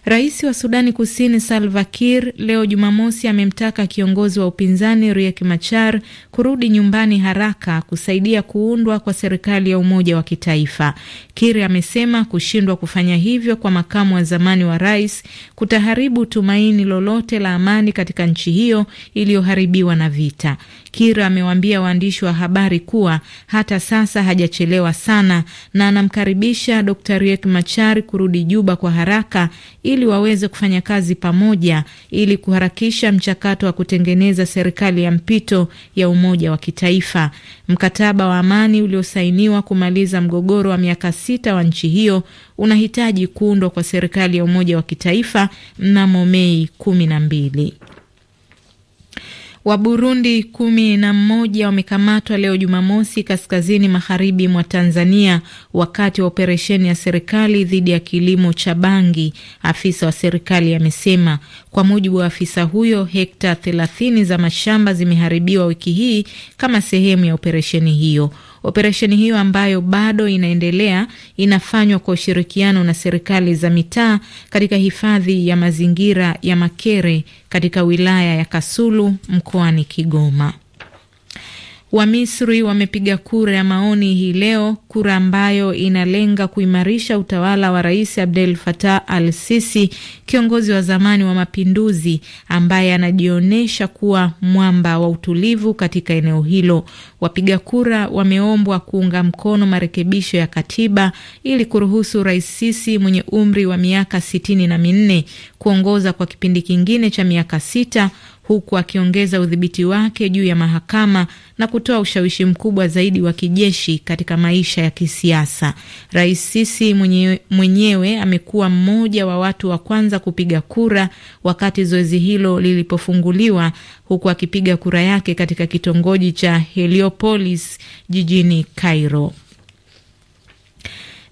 Speaker 1: Rais wa Sudani Kusini Salva Kiir leo Jumamosi amemtaka kiongozi wa upinzani Riek Machar kurudi nyumbani haraka kusaidia kuundwa kwa serikali ya umoja wa kitaifa. Kiir amesema kushindwa kufanya hivyo kwa makamu wa zamani wa rais kutaharibu tumaini lolote la amani katika nchi hiyo iliyoharibiwa na vita kira amewaambia waandishi wa habari kuwa hata sasa hajachelewa sana na anamkaribisha d Riek Machar kurudi Juba kwa haraka ili waweze kufanya kazi pamoja ili kuharakisha mchakato wa kutengeneza serikali ya mpito ya umoja wa kitaifa. Mkataba wa amani uliosainiwa kumaliza mgogoro wa miaka sita wa nchi hiyo unahitaji kuundwa kwa serikali ya umoja wa kitaifa mnamo Mei kumi na mbili wa burundi kumi na mmoja wamekamatwa leo Jumamosi kaskazini magharibi mwa Tanzania wakati wa operesheni ya serikali dhidi ya kilimo cha bangi, afisa wa serikali amesema. Kwa mujibu wa afisa huyo, hekta thelathini za mashamba zimeharibiwa wiki hii kama sehemu ya operesheni hiyo. Operesheni hiyo ambayo bado inaendelea inafanywa kwa ushirikiano na serikali za mitaa katika hifadhi ya mazingira ya Makere katika wilaya ya Kasulu mkoani Kigoma. Wamisri wamepiga kura ya maoni hii leo, kura ambayo inalenga kuimarisha utawala wa Rais Abdel Fattah al-Sisi, kiongozi wa zamani wa mapinduzi ambaye anajionyesha kuwa mwamba wa utulivu katika eneo hilo. Wapiga kura wameombwa kuunga mkono marekebisho ya katiba ili kuruhusu Rais Sisi mwenye umri wa miaka sitini na minne kuongoza kwa kipindi kingine cha miaka sita huku akiongeza udhibiti wake juu ya mahakama na kutoa ushawishi mkubwa zaidi wa kijeshi katika maisha ya kisiasa. Rais Sisi mwenyewe, mwenyewe amekuwa mmoja wa watu wa kwanza kupiga kura wakati zoezi hilo lilipofunguliwa, huku akipiga kura yake katika kitongoji cha Heliopolis jijini Cairo.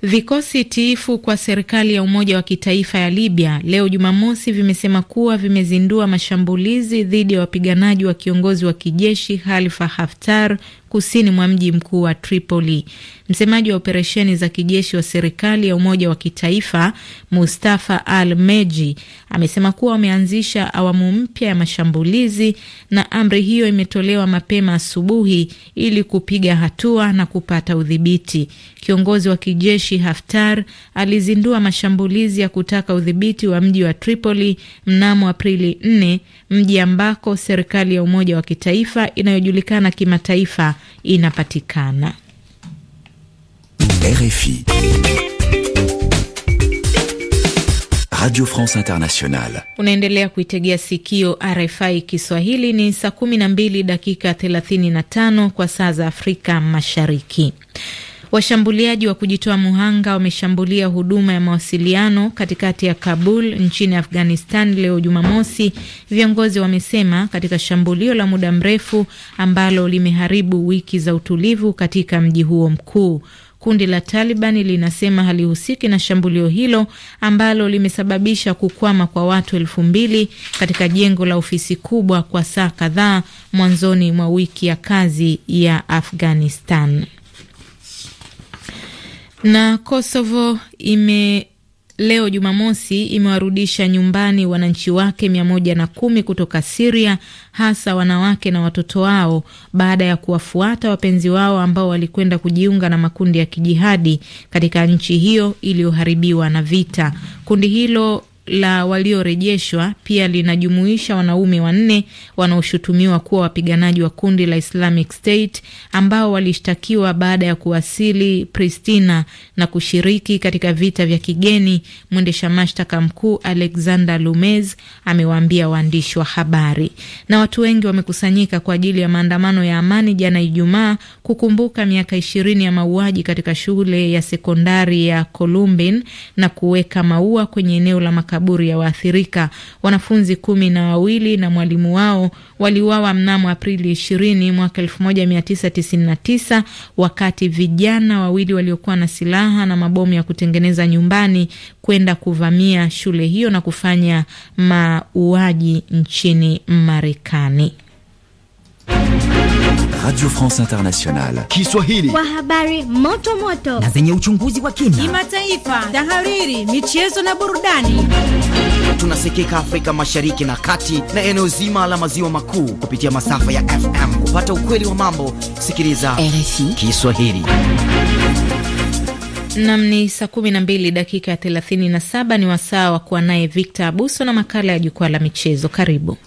Speaker 1: Vikosi tiifu kwa serikali ya Umoja wa Kitaifa ya Libya leo Jumamosi vimesema kuwa vimezindua mashambulizi dhidi ya wapiganaji wa kiongozi wa kijeshi Khalifa Haftar kusini mwa mji mkuu wa Tripoli. Msemaji wa operesheni za kijeshi wa serikali ya umoja wa kitaifa Mustafa Al Meji amesema kuwa wameanzisha awamu mpya ya mashambulizi na amri hiyo imetolewa mapema asubuhi ili kupiga hatua na kupata udhibiti. Kiongozi wa kijeshi Haftar alizindua mashambulizi ya kutaka udhibiti wa mji wa Tripoli mnamo Aprili 4, mji ambako serikali ya umoja wa kitaifa inayojulikana kimataifa inapatikana.
Speaker 3: RFI Radio France
Speaker 6: Internationale.
Speaker 1: Unaendelea kuitegea sikio RFI Kiswahili. Ni saa 12 dakika 35 kwa saa za Afrika Mashariki. Washambuliaji wa kujitoa muhanga wameshambulia huduma ya mawasiliano katikati ya Kabul nchini Afghanistan leo Jumamosi, viongozi wamesema, katika shambulio la muda mrefu ambalo limeharibu wiki za utulivu katika mji huo mkuu. Kundi la Talibani linasema halihusiki na shambulio hilo ambalo limesababisha kukwama kwa watu elfu mbili katika jengo la ofisi kubwa kwa saa kadhaa mwanzoni mwa wiki ya kazi ya Afghanistan. Na Kosovo ime leo Jumamosi imewarudisha nyumbani wananchi wake mia moja na kumi kutoka Siria, hasa wanawake na watoto wao baada ya kuwafuata wapenzi wao ambao walikwenda kujiunga na makundi ya kijihadi katika nchi hiyo iliyoharibiwa na vita. Kundi hilo la waliorejeshwa pia linajumuisha wanaume wanne wanaoshutumiwa kuwa wapiganaji wa kundi la Islamic State ambao walishtakiwa baada ya kuwasili Pristina na kushiriki katika vita vya kigeni. Mwendesha mashtaka mkuu Alexander Lumez amewaambia waandishi wa habari. Na watu wengi wamekusanyika kwa ajili ya maandamano ya amani jana Ijumaa kukumbuka miaka ishirini ya mauaji katika shule ya sekondari ya Columbine na kuweka maua kwenye eneo la makaburi ya waathirika. Wanafunzi kumi na wawili na mwalimu wao waliuawa mnamo Aprili ishirini mwaka elfu moja mia tisa tisini na tisa wakati vijana wawili waliokuwa na silaha na mabomu ya kutengeneza nyumbani kwenda kuvamia shule hiyo na kufanya mauaji nchini Marekani.
Speaker 3: Radio France Internationale Kiswahili kwa
Speaker 1: habari moto moto na
Speaker 3: zenye uchunguzi wa kina,
Speaker 1: kimataifa, tahariri, michezo na burudani.
Speaker 4: Tunasikika Afrika Mashariki na Kati na eneo zima la maziwa makuu kupitia masafa ya FM. Kupata ukweli wa mambo, sikiliza RFI Kiswahili.
Speaker 1: Nam ni saa 12 dakika ya 37, ni wasaa wa kuwa naye Victor Abuso na makala ya jukwaa la michezo. Karibu.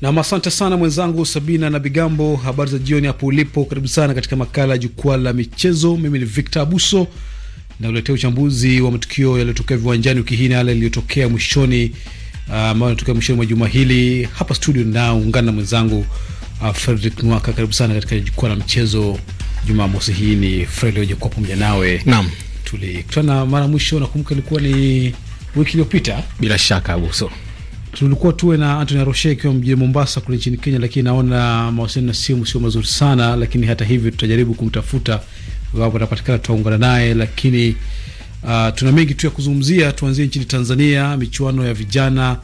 Speaker 7: Nam, asante sana mwenzangu Sabina na Bigambo. Habari za jioni hapo ulipo, karibu sana katika makala ya jukwaa la michezo. Mimi ni Victor Abuso nauletea uchambuzi wa matukio yaliyotokea viwanjani wiki hii na yale yaliyotokea mwishoni ah, ambayo uh, natokea mwishoni mwa juma hili. Hapa studio naungana na mwenzangu uh, Fredrick Nwaka. Karibu sana katika jukwaa la michezo. Jumamosi hii ni Fred Ojokuwa pamoja nawe. nam, tulikutana mara mwisho nakumbuka ilikuwa ni wiki iliyopita bila shaka Abuso tulikuwa tuwe na Anthony Aroshe akiwa mjini Mombasa kule nchini Kenya, lakini naona mawasiliano na simu sio mazuri sana, lakini hata hivyo tutajaribu kumtafuta, wapo atapatikana tutaungana naye. Lakini uh, tuna mengi tu ya kuzungumzia. Tuanzie nchini Tanzania, michuano ya vijana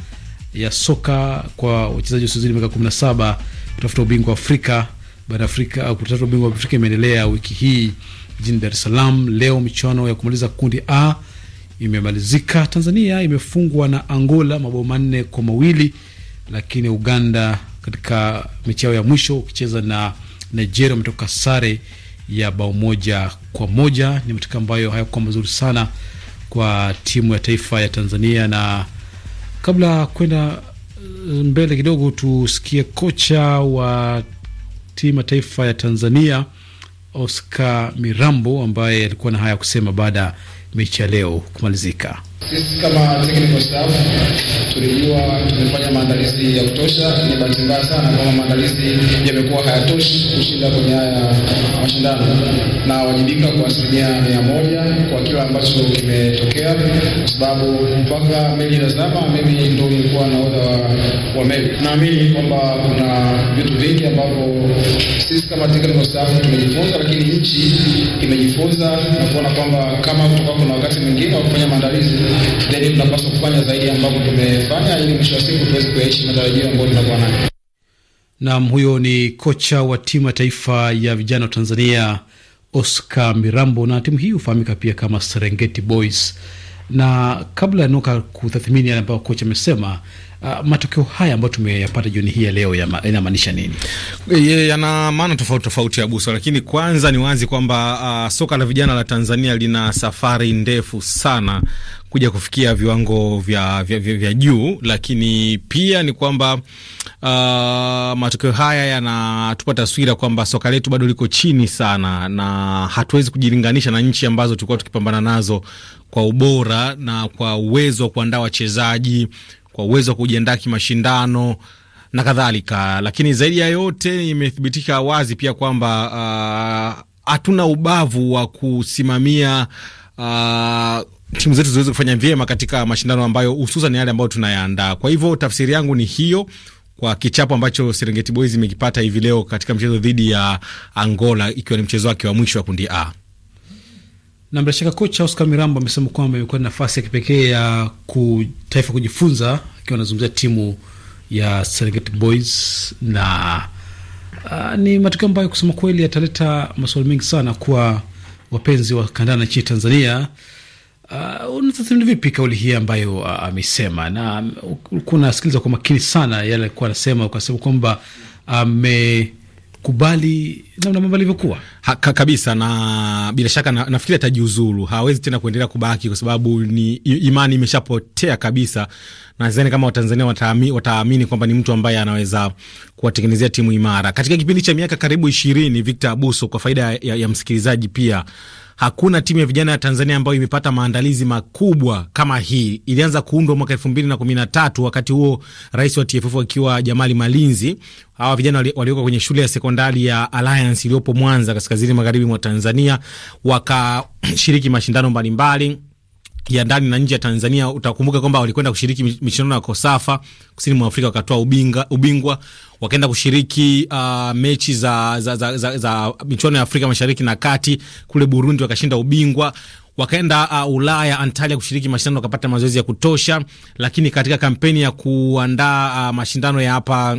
Speaker 7: ya soka kwa wachezaji wasiozidi miaka 17 kutafuta ubingwa wa Afrika bara Afrika au kutafuta ubingwa wa Afrika imeendelea wiki hii jijini Dar es Salaam. Leo michuano ya kumaliza kundi A imemalizika. Tanzania imefungwa na Angola mabao manne kwa mawili, lakini Uganda katika mechi yao ya mwisho ukicheza na Nigeria umetoka sare ya bao moja kwa moja. Ni matokeo ambayo hayakuwa mazuri sana kwa timu ya taifa ya Tanzania. Na kabla kwenda eh, mbele kidogo, tusikie kocha wa timu ya taifa ya Tanzania Oscar Mirambo ambaye alikuwa na haya kusema baada mechi ya leo kumalizika.
Speaker 5: Sisi kama technical staff tulijua tumefanya maandalizi ya kutosha. Ni bahati mbaya sana kama maandalizi yamekuwa hayatoshi kushinda kwenye haya mashindano, na wajibika kwa asilimia mia moja kwa kila ambacho kimetokea, kwa sababu mpaka meli inazama, mimi ndo nilikuwa nahodha wa meli. Naamini kwamba kuna vitu vingi ambavyo sisi kama technical staff tumejifunza, lakini nchi imejifunza na kuona kwamba kama kutoka kuna wakati mwingine wa kufanya maandalizi then tunapaswa kufanya zaidi ambavyo tumefanya ili mwisho wa siku tuweze kuyaishi matarajio ambayo tunakuwa nayo.
Speaker 7: Naam, huyo ni kocha wa timu ya taifa ya vijana wa Tanzania Oscar Mirambo, na timu hii hufahamika pia kama Serengeti Boys. Na kabla ya Noka kutathmini yale ambayo kocha amesema uh, ah, matokeo haya ambayo tumeyapata jioni hii ya leo yanamaanisha nini? Eh,
Speaker 10: yana maana tofauti tofauti ya buso, lakini kwanza ni wazi kwamba uh, soka la vijana la Tanzania lina safari ndefu sana kuja kufikia viwango vya, vya, vya, vya juu, lakini pia ni kwamba uh, ah, matokeo haya yanatupa taswira kwamba soka letu bado liko chini sana na hatuwezi kujilinganisha na nchi ambazo tulikuwa tukipambana nazo kwa ubora na kwa uwezo wa kuandaa wachezaji kwa uwezo wa kujiandaa kimashindano na kadhalika, lakini zaidi ya yote imethibitika wazi pia kwamba uh, hatuna uh, ubavu wa kusimamia uh, timu zetu ziweze kufanya vyema katika mashindano ambayo hususan yale ambayo tunayaandaa. Kwa hivyo tafsiri yangu ni hiyo kwa kichapo ambacho Serengeti Boys imekipata hivi leo katika mchezo dhidi ya Angola, ikiwa ni mchezo wake wa mwisho wa kundi A.
Speaker 7: Na bila shaka kocha Oscar Mirambo amesema kwamba imekuwa ni nafasi ya kipekee ya taifa kujifunza, akiwa anazungumzia timu ya Serengeti Boys na uh, ni matokeo ambayo kusema kweli yataleta maswali mengi sana kwa wapenzi wa kandanda nchini Tanzania. Uh, unatathmini vipi kauli hii ambayo ah, amesema? na ulikuwa um, unasikiliza kwa makini sana yale alikuwa anasema, ukasema kwamba ame uh, kukubali namna mambo alivyokuwa kabisa, na bila shaka na, nafikiri atajiuzuru,
Speaker 10: hawezi tena kuendelea kubaki kwa sababu ni imani imeshapotea kabisa, na zani kama Watanzania wataamini wataamini kwamba ni mtu ambaye anaweza kuwatengenezea timu imara katika kipindi cha miaka karibu ishirini. Victor Abuso, kwa faida ya, ya msikilizaji pia hakuna timu ya vijana ya Tanzania ambayo imepata maandalizi makubwa kama hii. Ilianza kuundwa mwaka elfu mbili na kumi na tatu, wakati huo rais wa TFF akiwa Jamali Malinzi. Hawa vijana waliwekwa kwenye shule ya sekondari ya Alliance iliyopo Mwanza, kaskazini magharibi mwa Tanzania, wakashiriki mashindano mbalimbali ya ndani na nje ya Tanzania. Utakumbuka kwamba walikwenda kushiriki michuano ya Kosafa kusini mwa Afrika, wakatoa ubinga, ubingwa, wakaenda kushiriki uh, mechi za, za, za, za, za michuano ya Afrika mashariki na kati kule Burundi, wakashinda ubingwa wakaenda uh, Ulaya Antalya kushiriki mashindano wakapata mazoezi ya kutosha, lakini katika kampeni ya kuandaa uh, mashindano ya hapa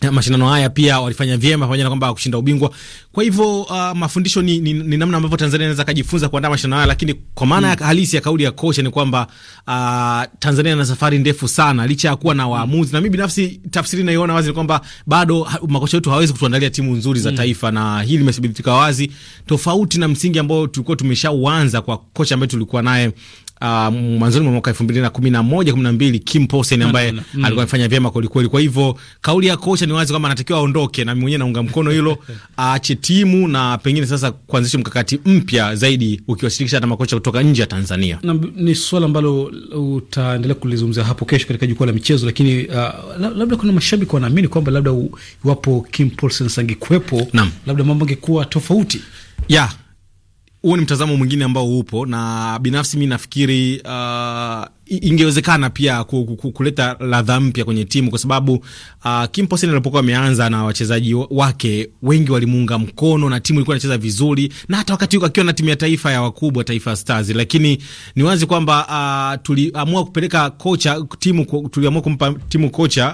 Speaker 10: Eh, mashindano haya pia walifanya vyema pamoja na kwamba kushinda ubingwa. Kwa hivyo uh, mafundisho ni, ni, ni namna ambavyo Tanzania inaweza kujifunza kuandaa mashindano haya, lakini kwa maana mm. halisi ya kauli ya kocha ni kwamba uh, Tanzania ina safari ndefu sana, licha ya kuwa na mm. waamuzi, mm. na mimi binafsi tafsiri naiona wazi ni kwamba bado makocha wetu hawezi kutuandalia timu nzuri za mm. taifa, na hili limethibitika wazi, tofauti na msingi ambao tulikuwa tumeshauanza kwa kocha ambaye tulikuwa naye uh, mwanzoni mwa mwaka na mbili Kim Poulsen ambaye mm. alikuwa amefanya vyema kwelikweli. Kwa hivyo kauli ya kocha ni wazi kwamba anatakiwa aondoke, na mwenyewe naunga mkono hilo, aache timu na pengine sasa kuanzisha mkakati mpya zaidi, ukiwashirikisha hata makocha kutoka nje ya Tanzania.
Speaker 7: Na, ni swala ambalo utaendelea kulizungumzia hapo kesho katika jukwaa la michezo, lakini uh, labda kuna mashabiki wanaamini kwamba labda iwapo Kim Poulsen asingekuwepo labda mambo angekuwa tofauti ya yeah huo ni mtazamo mwingine ambao
Speaker 10: upo, na binafsi mi nafikiri uh, ingewezekana pia kuleta ladha mpya kwenye timu kwa sababu uh, Kim Poulsen alipokuwa ameanza na wachezaji wake wengi walimuunga mkono na timu ilikuwa inacheza vizuri, na hata wakati huo akiwa na timu ya taifa ya wakubwa Taifa Stars. Lakini ni wazi kwamba uh, tuliamua kupeleka kocha timu, tuliamua kumpa timu kocha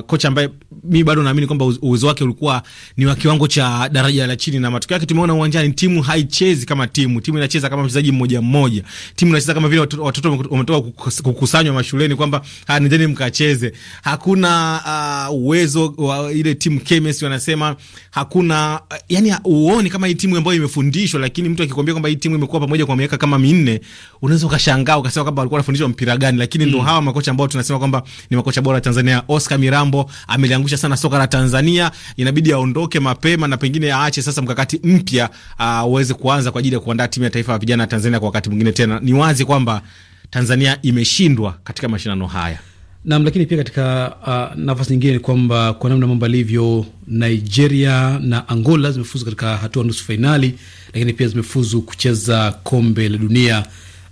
Speaker 10: uh, kocha ambaye mimi bado naamini kwamba uwezo wake ulikuwa ni wa kiwango cha daraja la chini, na matokeo yake tumeona uwanjani, timu haichezi kama timu, timu inacheza kama mchezaji mmoja mmoja, timu inacheza kama vile watoto wametoka kukusanywa mashuleni kwamba ah, nendeni mkacheze. Hakuna uh, uwezo wa ile timu chemistry, wanasema hakuna uh, yani uoni kama hii timu ambayo imefundishwa, lakini mtu akikwambia kwamba hii timu imekuwa pamoja kwa miaka kama minne, unaweza ukashangaa ukasema kwamba walikuwa wanafundishwa mpira gani? Lakini mm, ndo hawa makocha ambao tunasema kwamba ni makocha bora Tanzania. Oscar Mirambo ameliangusha sana soka la Tanzania, inabidi aondoke mapema na pengine aache sasa mkakati mpya ah, uweze uh, kuanza kwa ajili ya kuandaa timu ya taifa ya vijana ya Tanzania kwa wakati mwingine tena. Ni wazi kwamba Tanzania imeshindwa katika mashindano haya.
Speaker 7: Naam, lakini pia katika uh, nafasi nyingine ni kwamba kwa namna mambo alivyo, Nigeria na Angola zimefuzu katika hatua nusu fainali, lakini pia zimefuzu kucheza kombe la dunia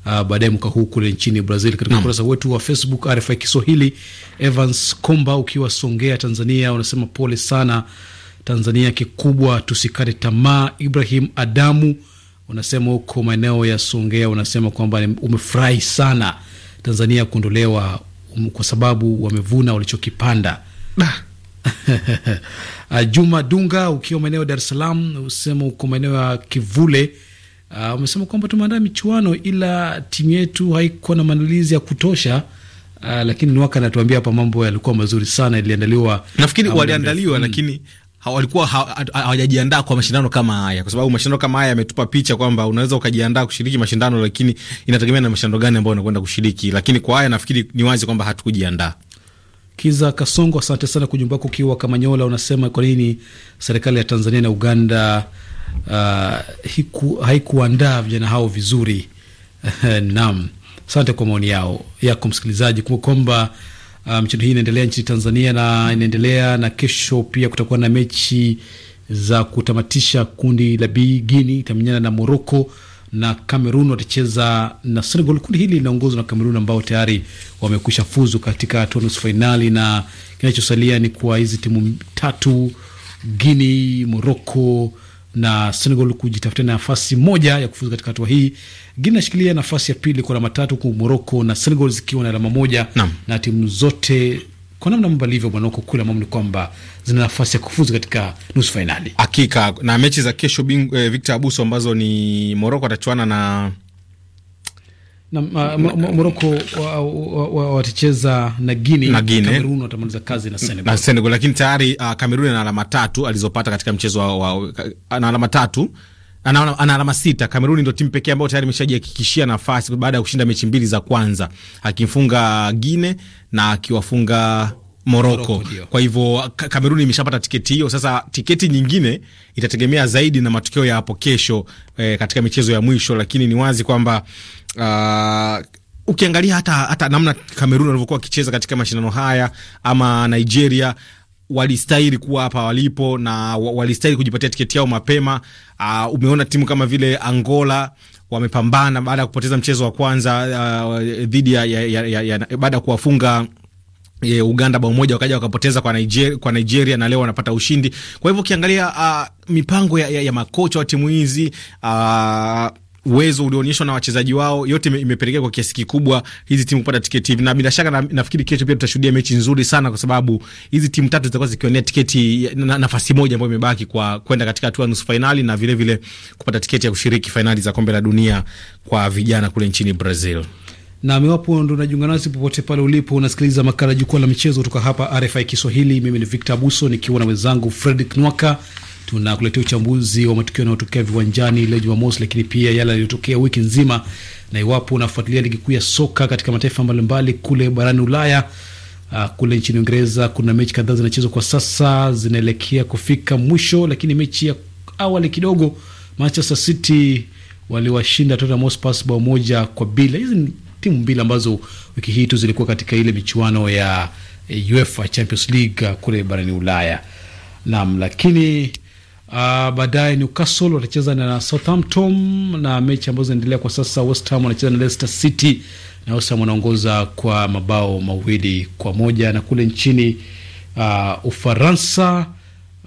Speaker 7: uh, baadaye mwaka huu kule nchini Brazil. Katika ukurasa wetu wa Facebook RFI Kiswahili, Evans Komba ukiwa Songea, Tanzania, unasema pole sana Tanzania, kikubwa tusikate tamaa. Ibrahim Adamu unasema huko maeneo ya Songea, unasema kwamba umefurahi sana Tanzania kuondolewa um, kwa sababu wamevuna walichokipanda. Ah, Juma Dunga, ukiwa maeneo ya Dar es Salaam, usema huko maeneo ya Kivule, uh, umesema kwamba tumeandaa michuano ila timu yetu haikuwa na maandalizi ya kutosha. Uh, lakini Nwaka anatuambia hapa mambo yalikuwa mazuri sana, iliandaliwa nafikiri waliandaliwa, mm.
Speaker 10: lakini walikuwa hawajajiandaa kwa mashindano kama haya, kwa sababu mashindano kama haya yametupa picha kwamba unaweza ukajiandaa kushiriki mashindano, lakini inategemea na mashindano gani ambayo unakwenda kushiriki. Lakini kwa haya nafikiri ni wazi kwamba hatukujiandaa.
Speaker 7: Kiza Kasongo, asante sana kujumba wako ukiwa Kamanyola. Unasema kwa nini serikali ya Tanzania na Uganda uh, haikuandaa vijana hao vizuri? Naam, asante kwa maoni yao yako msikilizaji. Kumbuka kwamba Michezo um, hii inaendelea nchini Tanzania na inaendelea na kesho pia kutakuwa na mechi za kutamatisha kundi la B. Guinea itamenyana na Morocco na Cameroon watacheza na Senegal. Kundi hili linaongozwa na Cameroon ambao tayari wamekwisha fuzu katika hatua nusu fainali, na kinachosalia ni kwa hizi timu tatu Guinea, Morocco na Senegal kujitafutia nafasi moja ya kufuzu katika hatua hii. Guinea inashikilia nafasi ya pili kwa alama tatu, huku Moroko na Senegal zikiwa na alama moja na, na timu zote kwa namna mambo alivyo mwanako kule ambao ni kwamba zina nafasi ya kufuzu katika nusu
Speaker 10: fainali. Hakika na mechi za kesho, eh, Victor Abuso, ambazo ni Moroko atachuana na
Speaker 7: Moroko watacheza na Guinea na Kamerun watamaliza kazi na Senegal. Na
Speaker 10: Senegal lakini tayari uh, Kamerun ana alama tatu alizopata katika mchezo wa ana alama tatu ana alama sita. Kameruni ndio timu pekee ambayo tayari imeshajihakikishia nafasi baada ya kushinda mechi mbili za kwanza, akimfunga Guinea na akiwafunga Moroko. Kwa hivyo Kameruni imeshapata tiketi hiyo. Sasa tiketi nyingine itategemea zaidi na matokeo ya hapo kesho eh, katika michezo ya mwisho, lakini ni wazi kwamba uh, ukiangalia hata, hata namna Kameruni walivyokuwa wakicheza katika mashindano haya ama Nigeria walistahili kuwa hapa walipo na walistahili kujipatia tiketi yao mapema. Uh, umeona timu kama vile Angola wamepambana baada ya kupoteza mchezo wa kwanza ah, dhidi uh, ya, ya, ya, ya, ya baada ya kuwafunga e, Uganda bao moja wakaja wakapoteza kwa Nigeria, kwa Nigeria na leo wanapata ushindi. Kwa hivyo ukiangalia uh, mipango ya, ya, ya makocha wa timu hizi uh, uwezo ulioonyeshwa na wachezaji wao, yote imepelekea kwa kiasi kikubwa hizi timu kupata tiketi hivi, na bila shaka na, nafikiri kesho pia tutashuhudia mechi nzuri sana, kwa sababu hizi timu tatu zitakuwa zikionea tiketi na, nafasi moja ambayo imebaki kwa kwenda katika hatua nusu fainali na vile vile kupata tiketi ya kushiriki fainali za kombe la dunia kwa vijana kule nchini Brazil
Speaker 7: na iwapo ndo unajiunga nasi popote pale ulipo, unasikiliza makala Jukwaa la Michezo kutoka hapa RFI Kiswahili. Mimi ni Victor Abuso nikiwa na mwenzangu Fredrick Nwaka. Tunakuletea uchambuzi wa matukio yanayotokea viwanjani leo Jumamosi, lakini pia yale yaliyotokea wiki nzima, na iwapo unafuatilia ligi kuu ya soka katika mataifa mbalimbali kule barani Ulaya. Uh, Kule nchini Uingereza kuna mechi kadhaa zinachezwa kwa sasa, zinaelekea kufika mwisho, lakini mechi ya awali kidogo, Manchester City waliwashinda Tottenham Hotspur bao moja kwa bila. Hizi ni timu mbili ambazo wiki hii tu zilikuwa katika ile michuano ya eh, UEFA Champions League uh, kule barani Ulaya. Naam, lakini uh, baadaye Newcastle watacheza na Southampton na mechi ambazo zinaendelea kwa sasa, West Ham wanacheza na Leicester City na West Ham wanaongoza kwa mabao mawili kwa moja na kule nchini uh, Ufaransa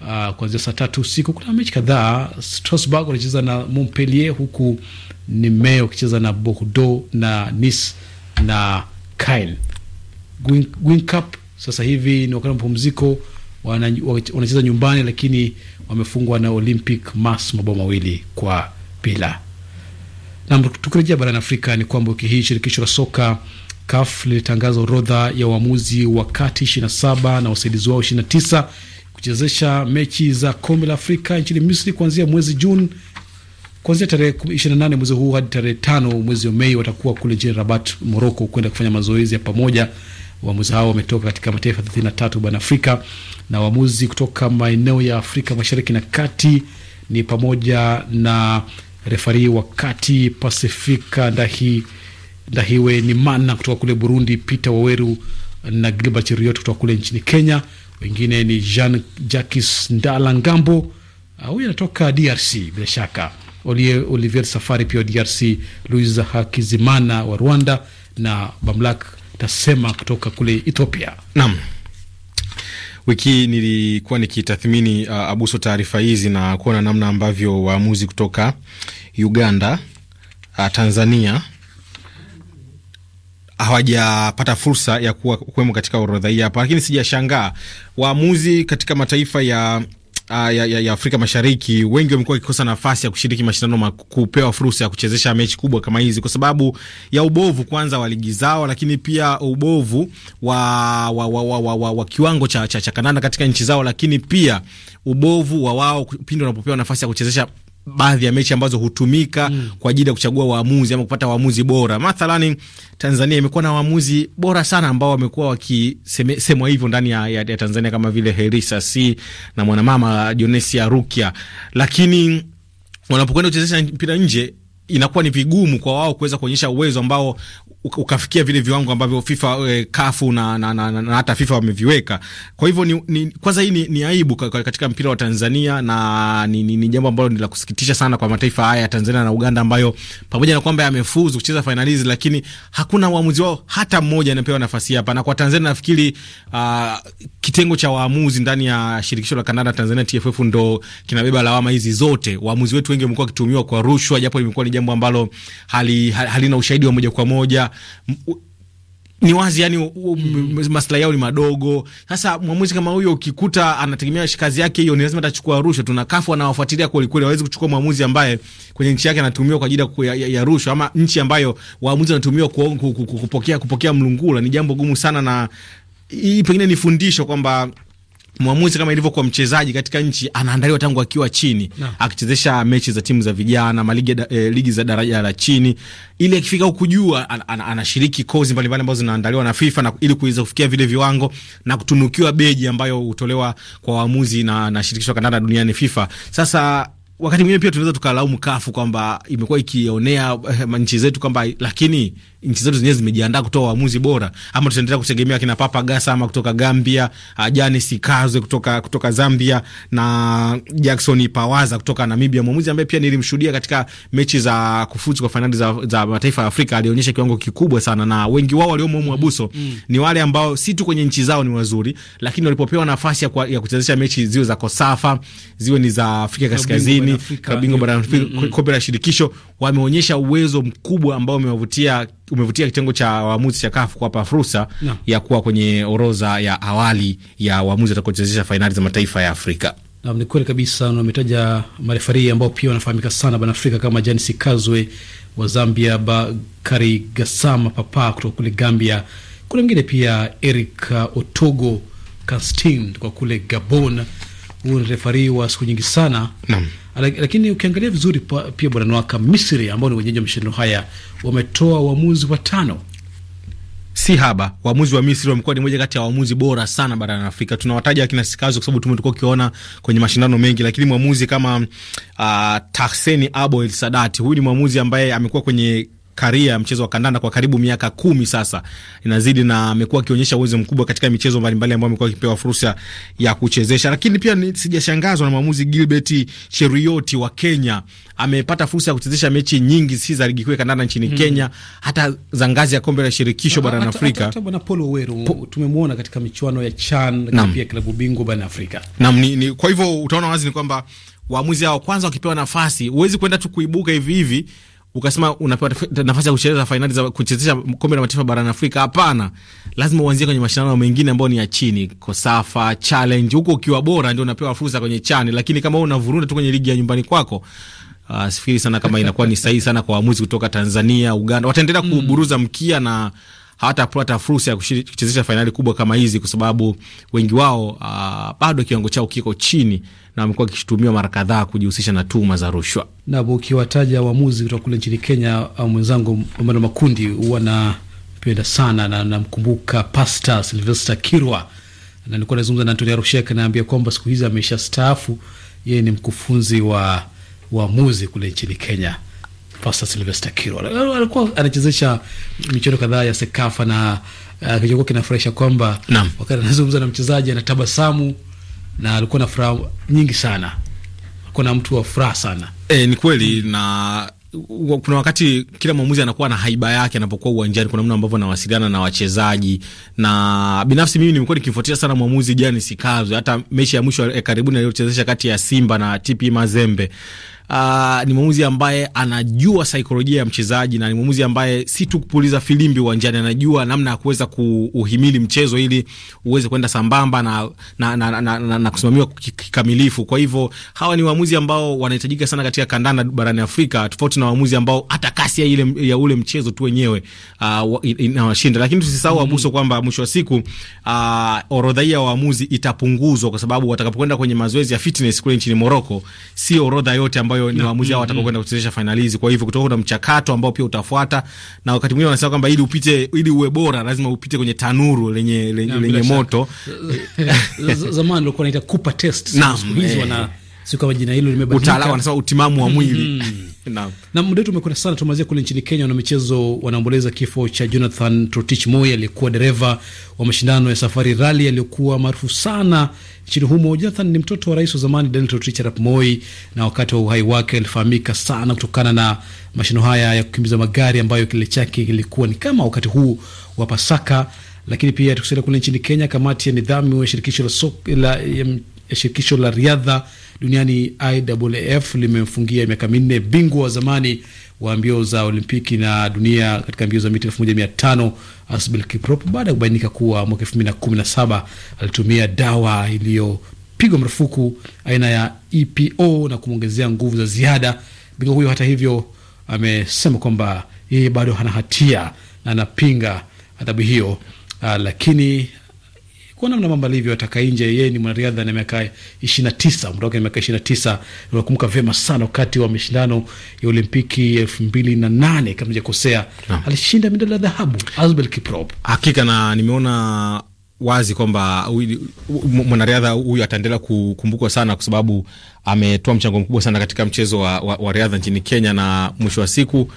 Speaker 7: uh, kuanzia saa tatu usiku. Kuna mechi kadhaa, Strasbourg wanacheza na Montpellier, huku Nimes wakicheza na Bordeaux na Nice na Caen. Gwin Cup sasa hivi ni wakati wa mapumziko, wanacheza nyumbani, lakini wamefungwa na Olympic Mas mabao mawili kwa bila. Na tukirejea barani Afrika ni kwamba wiki hii shirikisho la soka CAF lilitangaza orodha ya waamuzi wa kati 27 na wasaidizi wao 29 kuchezesha mechi za kombe la Afrika nchini Misri kuanzia mwezi Juni, kuanzia tarehe 28 mwezi huu hadi tarehe tano mwezi wa Mei. Watakuwa kule jijini Rabat, Moroko, kwenda kufanya mazoezi ya pamoja. Waamuzi hao wametoka katika mataifa 33 barani Afrika na waamuzi kutoka maeneo ya Afrika mashariki na kati ni pamoja na refari wa kati Pasifika Ndahi, Ndahiwe ni mana kutoka kule Burundi, Peter Waweru na Gilbert Riot kutoka kule nchini Kenya wengine ni Jean Jacques Ndalangambo, ah, huyu anatoka DRC bila shaka, Olivier Safari pia wa DRC, Louisa Hakizimana wa Rwanda na Bamlak Tasema kutoka kule Ethiopia.
Speaker 10: Naam. Wiki nilikuwa nikitathmini uh, abuso taarifa hizi na kuona namna ambavyo waamuzi kutoka Uganda, uh, Tanzania hawajapata fursa ya kuwa kuwemo katika orodha hii hapa, lakini sijashangaa waamuzi katika mataifa ya ah, ya, ya, ya Afrika Mashariki wengi wamekuwa wakikosa nafasi ya kushiriki mashindano, kupewa fursa ya kuchezesha mechi kubwa kama hizi kwa sababu ya ubovu kwanza wa ligi zao, lakini pia ubovu wa, wa, wa, wa, wa, wa, wa kiwango cha, cha, cha kandanda katika nchi zao, lakini pia ubovu wa wao pindi wanapopewa nafasi ya kuchezesha baadhi ya mechi ambazo hutumika mm. kwa ajili ya kuchagua waamuzi ama kupata waamuzi bora. Mathalani, Tanzania imekuwa na waamuzi bora sana ambao wamekuwa wakisemwa hivyo ndani ya, ya, ya Tanzania kama vile Herisa C na mwanamama Jonesia Rukia, lakini wanapokwenda kuchezesha mpira nje inakuwa ni vigumu kwa wao kuweza kuonyesha uwezo ambao ukafikia vile viwango ambavyo FIFA e, kafu na, na, na, na, na hata FIFA wameviweka. Kwa hivyo ni, ni, kwanza hii ni, ni aibu katika mpira wa Tanzania na ni, ni, ni jambo ambalo ni la kusikitisha sana kwa mataifa haya ya Tanzania na Uganda ambayo pamoja na kwamba yamefuzu kucheza fainali hizi, lakini hakuna waamuzi wao hata mmoja anapewa nafasi hapa. Na kwa Tanzania nafikiri uh, kitengo cha waamuzi ndani ya shirikisho la kandanda Tanzania TFF ndo kinabeba lawama hizi zote. Waamuzi wetu wengi wamekuwa wakitumiwa kwa rushwa, japo limekuwa ni jambo ambalo halina hali ushahidi wa moja kwa moja ni wazi yani, mm. maslahi yao ni madogo. Sasa mwamuzi kama huyo ukikuta anategemea kazi yake hiyo, ni lazima atachukua rushwa. Tuna kafu anawafuatilia kweli kweli, hawezi kuchukua mwamuzi ambaye kwenye nchi yake anatumiwa kwa ajili ya, ya, ya rushwa, ama nchi ambayo waamuzi wanatumiwa kupokea kupokea mlungula. Ni jambo gumu sana, na hii pengine ni fundisho kwamba mwamuzi kama ilivyokuwa mchezaji katika nchi anaandaliwa tangu akiwa chini no. akichezesha mechi za timu za vijana maligi, eh, ligi za daraja la chini, ili akifika huku juu an, an, anashiriki kozi mbalimbali ambazo zinaandaliwa na FIFA na, ili kuweza kufikia vile viwango na kutunukiwa beji ambayo hutolewa kwa waamuzi na, na shirikisho kandanda duniani FIFA. Sasa wakati mwingine pia tunaweza tukalaumu kafu kwamba imekuwa ikionea eh, nchi zetu kwamba, lakini nchi zetu zenyewe zimejiandaa kutoa uamuzi bora, ama tutaendelea kutegemea akina Papa Gasama kutoka Gambia, ah, Janis Sikazwe kutoka, kutoka Zambia na Jackson Pawaza kutoka Namibia, mwamuzi ambaye pia nilimshuhudia katika mechi za kufuzu kwa fainali za, za mataifa ya Afrika. Alionyesha kiwango kikubwa sana, na wengi wao waliomo mwabuso mm, mm, ni wale ambao si tu kwenye nchi zao ni wazuri, lakini walipopewa nafasi ya, ya kuchezesha mechi ziwe za Kosafa ziwe ni za Afrika Kaskazini Afrika, Afrika kabingo barani Afrika mm -mm. kombe la shirikisho wameonyesha uwezo mkubwa ambao umewavutia umevutia kitengo cha waamuzi cha kafu kuwapa fursa ya kuwa kwenye orodha ya awali ya waamuzi watakaochezesha fainali za mataifa ya Afrika.
Speaker 7: Naam, ni kweli kabisa, na umetaja marefari ambao pia wanafahamika sana barani Afrika kama Janis Kazwe wa Zambia, Bakari Gasama Papa kutoka kule Gambia, kuna mwingine pia Eric Otogo Kastin kwa kule Gabon huu ni refari wa siku nyingi sana Naam. Lakini ukiangalia vizuri pia bwana Nwaka, Misri ambao ni wenyeji wa mashindano haya wametoa uamuzi watano si haba. Waamuzi wa Misri wamekuwa ni moja kati
Speaker 10: ya waamuzi bora sana barani Afrika. Tunawataja akina Sikazo kwa sababu tumekuwa tukiona kwenye mashindano mengi, lakini mwamuzi kama uh, Tahseni Abo El Sadati, huyu ni mwamuzi ambaye amekuwa kwenye karia ya mchezo wa kandanda kwa karibu miaka kumi sasa inazidi, na amekuwa akionyesha uwezo mkubwa katika michezo mbalimbali ambayo amekuwa akipewa fursa ya kuchezesha. Lakini pia sijashangazwa na maamuzi Gilbert Cheruiyot wa Kenya, amepata fursa ya kuchezesha mechi nyingi si za ligi kuu ya kandanda nchini hmm, Kenya, hata za ngazi ya kombe la shirikisho ah, barani Afrika. Hata
Speaker 7: bwana Paul Oweru tumemwona katika michuano ya CHAN na pia klabu bingwa barani Afrika.
Speaker 10: Naam, ni ni, kwa hivyo utaona wazi ni kwamba waamuzi hao kwanza wakipewa nafasi, huwezi kwenda tu kuibuka hivi hivi ukasema unapewa nafasi ya kucheza fainali za kuchezesha kombe la mataifa barani Afrika. Hapana, lazima uanzie kwenye mashindano mengine ambayo ni ya chini, Kosafa Challenge. Huko ukiwa bora ndio unapewa fursa kwenye chani, lakini kama wewe unavurunda tu kwenye ligi ya nyumbani kwako Uh, sifikiri sana kama inakuwa ni sahihi sana kwa waamuzi kutoka Tanzania, Uganda. Wataendelea mm, kuburuza mkia na hawatapata fursa ya kuchezesha fainali kubwa kama hizi, kwa sababu wengi wao uh, bado kiwango chao kiko chini na amekuwa akishutumiwa mara kadhaa kujihusisha na tuhuma za rushwa.
Speaker 7: Na ukiwataja waamuzi kutoka kule nchini Kenya, mwenzangu Omano Makundi huwa napenda sana na namkumbuka Pasta Silvester Kirwa, na nilikuwa nazungumza na Antonia Rushek, naambia kwamba siku hizi amesha staafu. Yeye ni mkufunzi wa waamuzi kule nchini Kenya. Pasta Silvester Kirwa alikuwa anachezesha kadhaa ya Sekafa na uh, kilichokuwa kinafurahisha kwamba wakati anazungumza na mchezaji anatabasamu na alikuwa na furaha nyingi sana, alikuwa na mtu wa furaha sana.
Speaker 10: E, ni kweli na
Speaker 7: kuna wakati kila mwamuzi
Speaker 10: anakuwa na haiba yake anapokuwa uwanjani. Kuna namna ambavyo anawasiliana na wachezaji, na binafsi mimi nimekuwa nikifuatilia sana mwamuzi Jani Sikazo. Hata mechi ya mwisho karibuni aliyochezesha kati ya Simba na TP Mazembe uh, ni mwamuzi ambaye anajua saikolojia ya mchezaji na ni mwamuzi ambaye si tu kupuliza filimbi uwanjani, anajua namna ya kuweza kuuhimili mchezo ili uweze kwenda sambamba na, na, na, na, na, na, kusimamiwa kikamilifu. Kwa hivyo hawa ni waamuzi ambao wanahitajika sana katika kandanda barani Afrika, tofauti na waamuzi ambao hata kasi ya, ile, ya ule mchezo tu wenyewe uh, inawashinda. Lakini tusisahau mm -hmm. Abuso kwamba mwisho wa siku uh, orodha hii ya waamuzi itapunguzwa kwa sababu watakapokwenda kwenye mazoezi ya fitness kule nchini Morocco, sio orodha yote ambayo ambayo ni waamuzi mm, hao mm, watakaokwenda mm. kuchezesha fainali hizi. Kwa hivyo kutoka kuna mchakato ambao pia utafuata, na wakati mwingine wanasema kwamba ili upite, ili uwe bora lazima upite kwenye tanuru lenye lenye moto. Zamani
Speaker 7: walikuwa wanaita Cooper test,
Speaker 10: siku hizi eh. wana
Speaker 7: si kwamba jina hilo limebadilika, utaalamu anasema utimamu wa mwili mm-hmm. naam. Na muda wetu umekwenda sana, tumalizia kule nchini Kenya. Wana michezo wanaomboleza kifo cha Jonathan Totich Moi aliyekuwa dereva wa mashindano ya Safari Rally aliyokuwa maarufu sana nchini humo. Jonathan ni mtoto wa rais wa zamani Daniel Totich arap Moi, na wakati wa uhai wake alifahamika sana kutokana na mashindano haya ya kukimbiza magari ambayo kilele chake kilikuwa ni kama wakati huu wa Pasaka lakini pia tukusalia kule nchini Kenya. Kamati ya nidhamu ya shirikisho la, so, la shirikisho la riadha duniani IAAF limemfungia miaka minne bingwa wa zamani wa mbio za Olimpiki na dunia katika mbio za mita elfu moja mia tano Asbel Kiprop baada ya kubainika kuwa mwaka elfu mbili na kumi na saba alitumia dawa iliyopigwa marufuku aina ya EPO na kumwongezea nguvu za ziada. Bingwa huyo hata hivyo amesema kwamba yeye bado hana hatia na anapinga adhabu hiyo, lakini kwa namna mambo alivyo ataka nje. Yeye ni mwanariadha na miaka 29, muda wake miaka 29. Nakumbuka vyema sana wakati wa mashindano ya Olimpiki 2008 kama sijakosea, alishinda medali ya dhahabu Asbel Kiprop. Hakika na nimeona
Speaker 10: wazi kwamba mwanariadha huyu ataendelea kukumbukwa sana kwa sababu ametoa mchango mkubwa sana katika mchezo wa, wa, wa riadha nchini Kenya na mwisho wa siku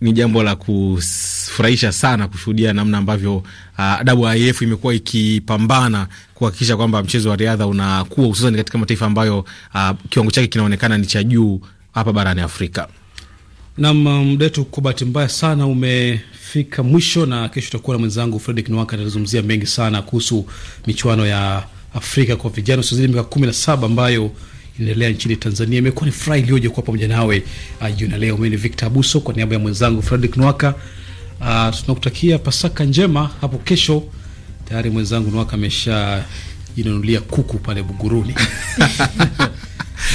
Speaker 10: ni jambo la kufurahisha sana kushuhudia namna ambavyo uh, ah, WIF imekuwa ikipambana kuhakikisha kwamba mchezo wa riadha unakuwa hususan katika mataifa ambayo uh, kiwango chake kinaonekana ni cha juu hapa barani Afrika.
Speaker 7: Nam um, mdetu, kwa bahati mbaya sana umefika mwisho, na kesho utakuwa na mwenzangu Fredrick Nwaka atazungumzia mengi sana kuhusu michuano ya Afrika kwa vijana usiozidi miaka kumi na saba ambayo inaendelea nchini Tanzania. Imekuwa ni furaha iliyoje kuwa pamoja nawe uh, jioni leo. Mimi ni Victor Abuso kwa niaba ya mwenzangu Fredrick Nwaka. Uh, tunakutakia Pasaka njema hapo kesho. Tayari mwenzangu Nwaka amesha inanulia kuku pale Buguruni.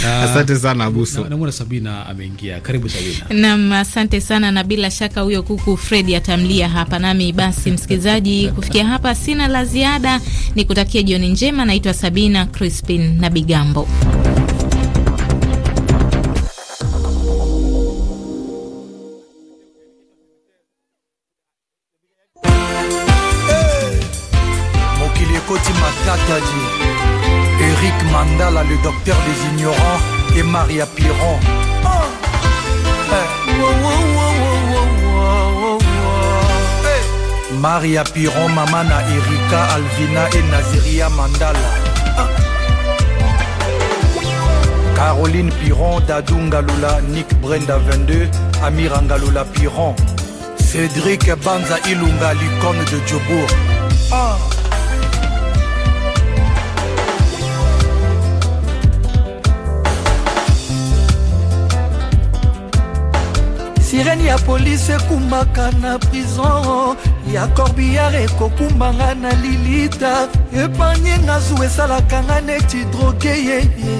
Speaker 7: Uh, Asante sana Abuso. Na, Namwona Sabina ameingia. Karibu Sabina.
Speaker 1: Naam, asante sana na bila shaka huyo kuku Fred atamlia hapa nami. Basi msikilizaji, kufikia hapa sina la ziada, nikutakia jioni njema. Naitwa Sabina Crispin na Bigambo.
Speaker 3: Maria Piron. Maria Piron, Mamana Erika, Alvina et Naziria Mandala. Caroline Piron, Dadunga Lula, Nick Brenda 22, Amiranga Lula Piron. Cédric Banza Ilunga, l'icône de Djobourg. sirene ya polisi ekumaka na prison ya corbillare ekokumbanga na lilita epargne nga zu esalaka nga neti droge yeye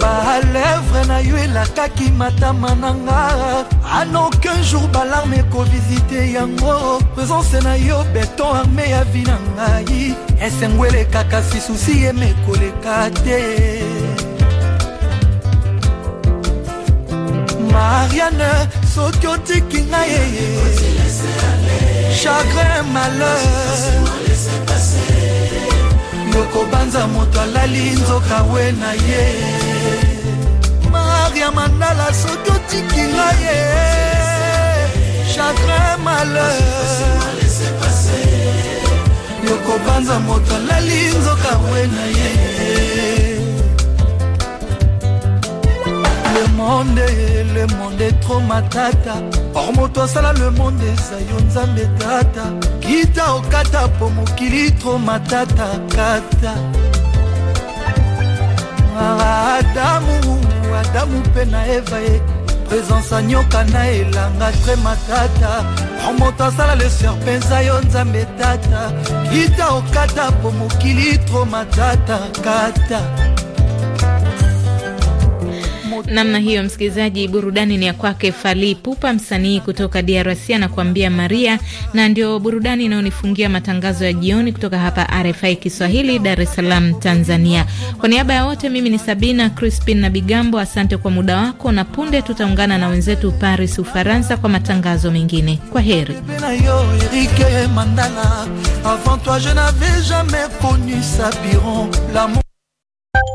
Speaker 3: balevre na yo elakaki matama na nga an aucun jour balarme ekovisite yango presence na yo beton arme ya vi na ngai esengwelekaka si susi yemekoleka te mariane soki otiki ngai yeye chagrin malheur yokobanza moto alali nzoka we na ye maria mandala soki otiki ngai ye chagrin malheur yokobanza moto alali nzoka we na ye le monde le monde est trop matata or moto asala le monde sa yo metata. kita okata po mokili matata kata ah, adamu adamu mpe na eva ye présence anyoka na elanga tre matata or moto asala le serpent eza yo kita okata po mokili matata kata
Speaker 1: namna hiyo. Msikilizaji, burudani ni ya kwake fali pupa msanii kutoka DRC anakuambia Maria, na ndio burudani inayonifungia matangazo ya jioni kutoka hapa RFI Kiswahili, Dar es Salaam, Tanzania. Kwa niaba ya wote, mimi ni Sabina Crispin na Bigambo, asante kwa muda wako, na punde tutaungana na wenzetu Paris, Ufaransa, kwa matangazo mengine. Kwa heri.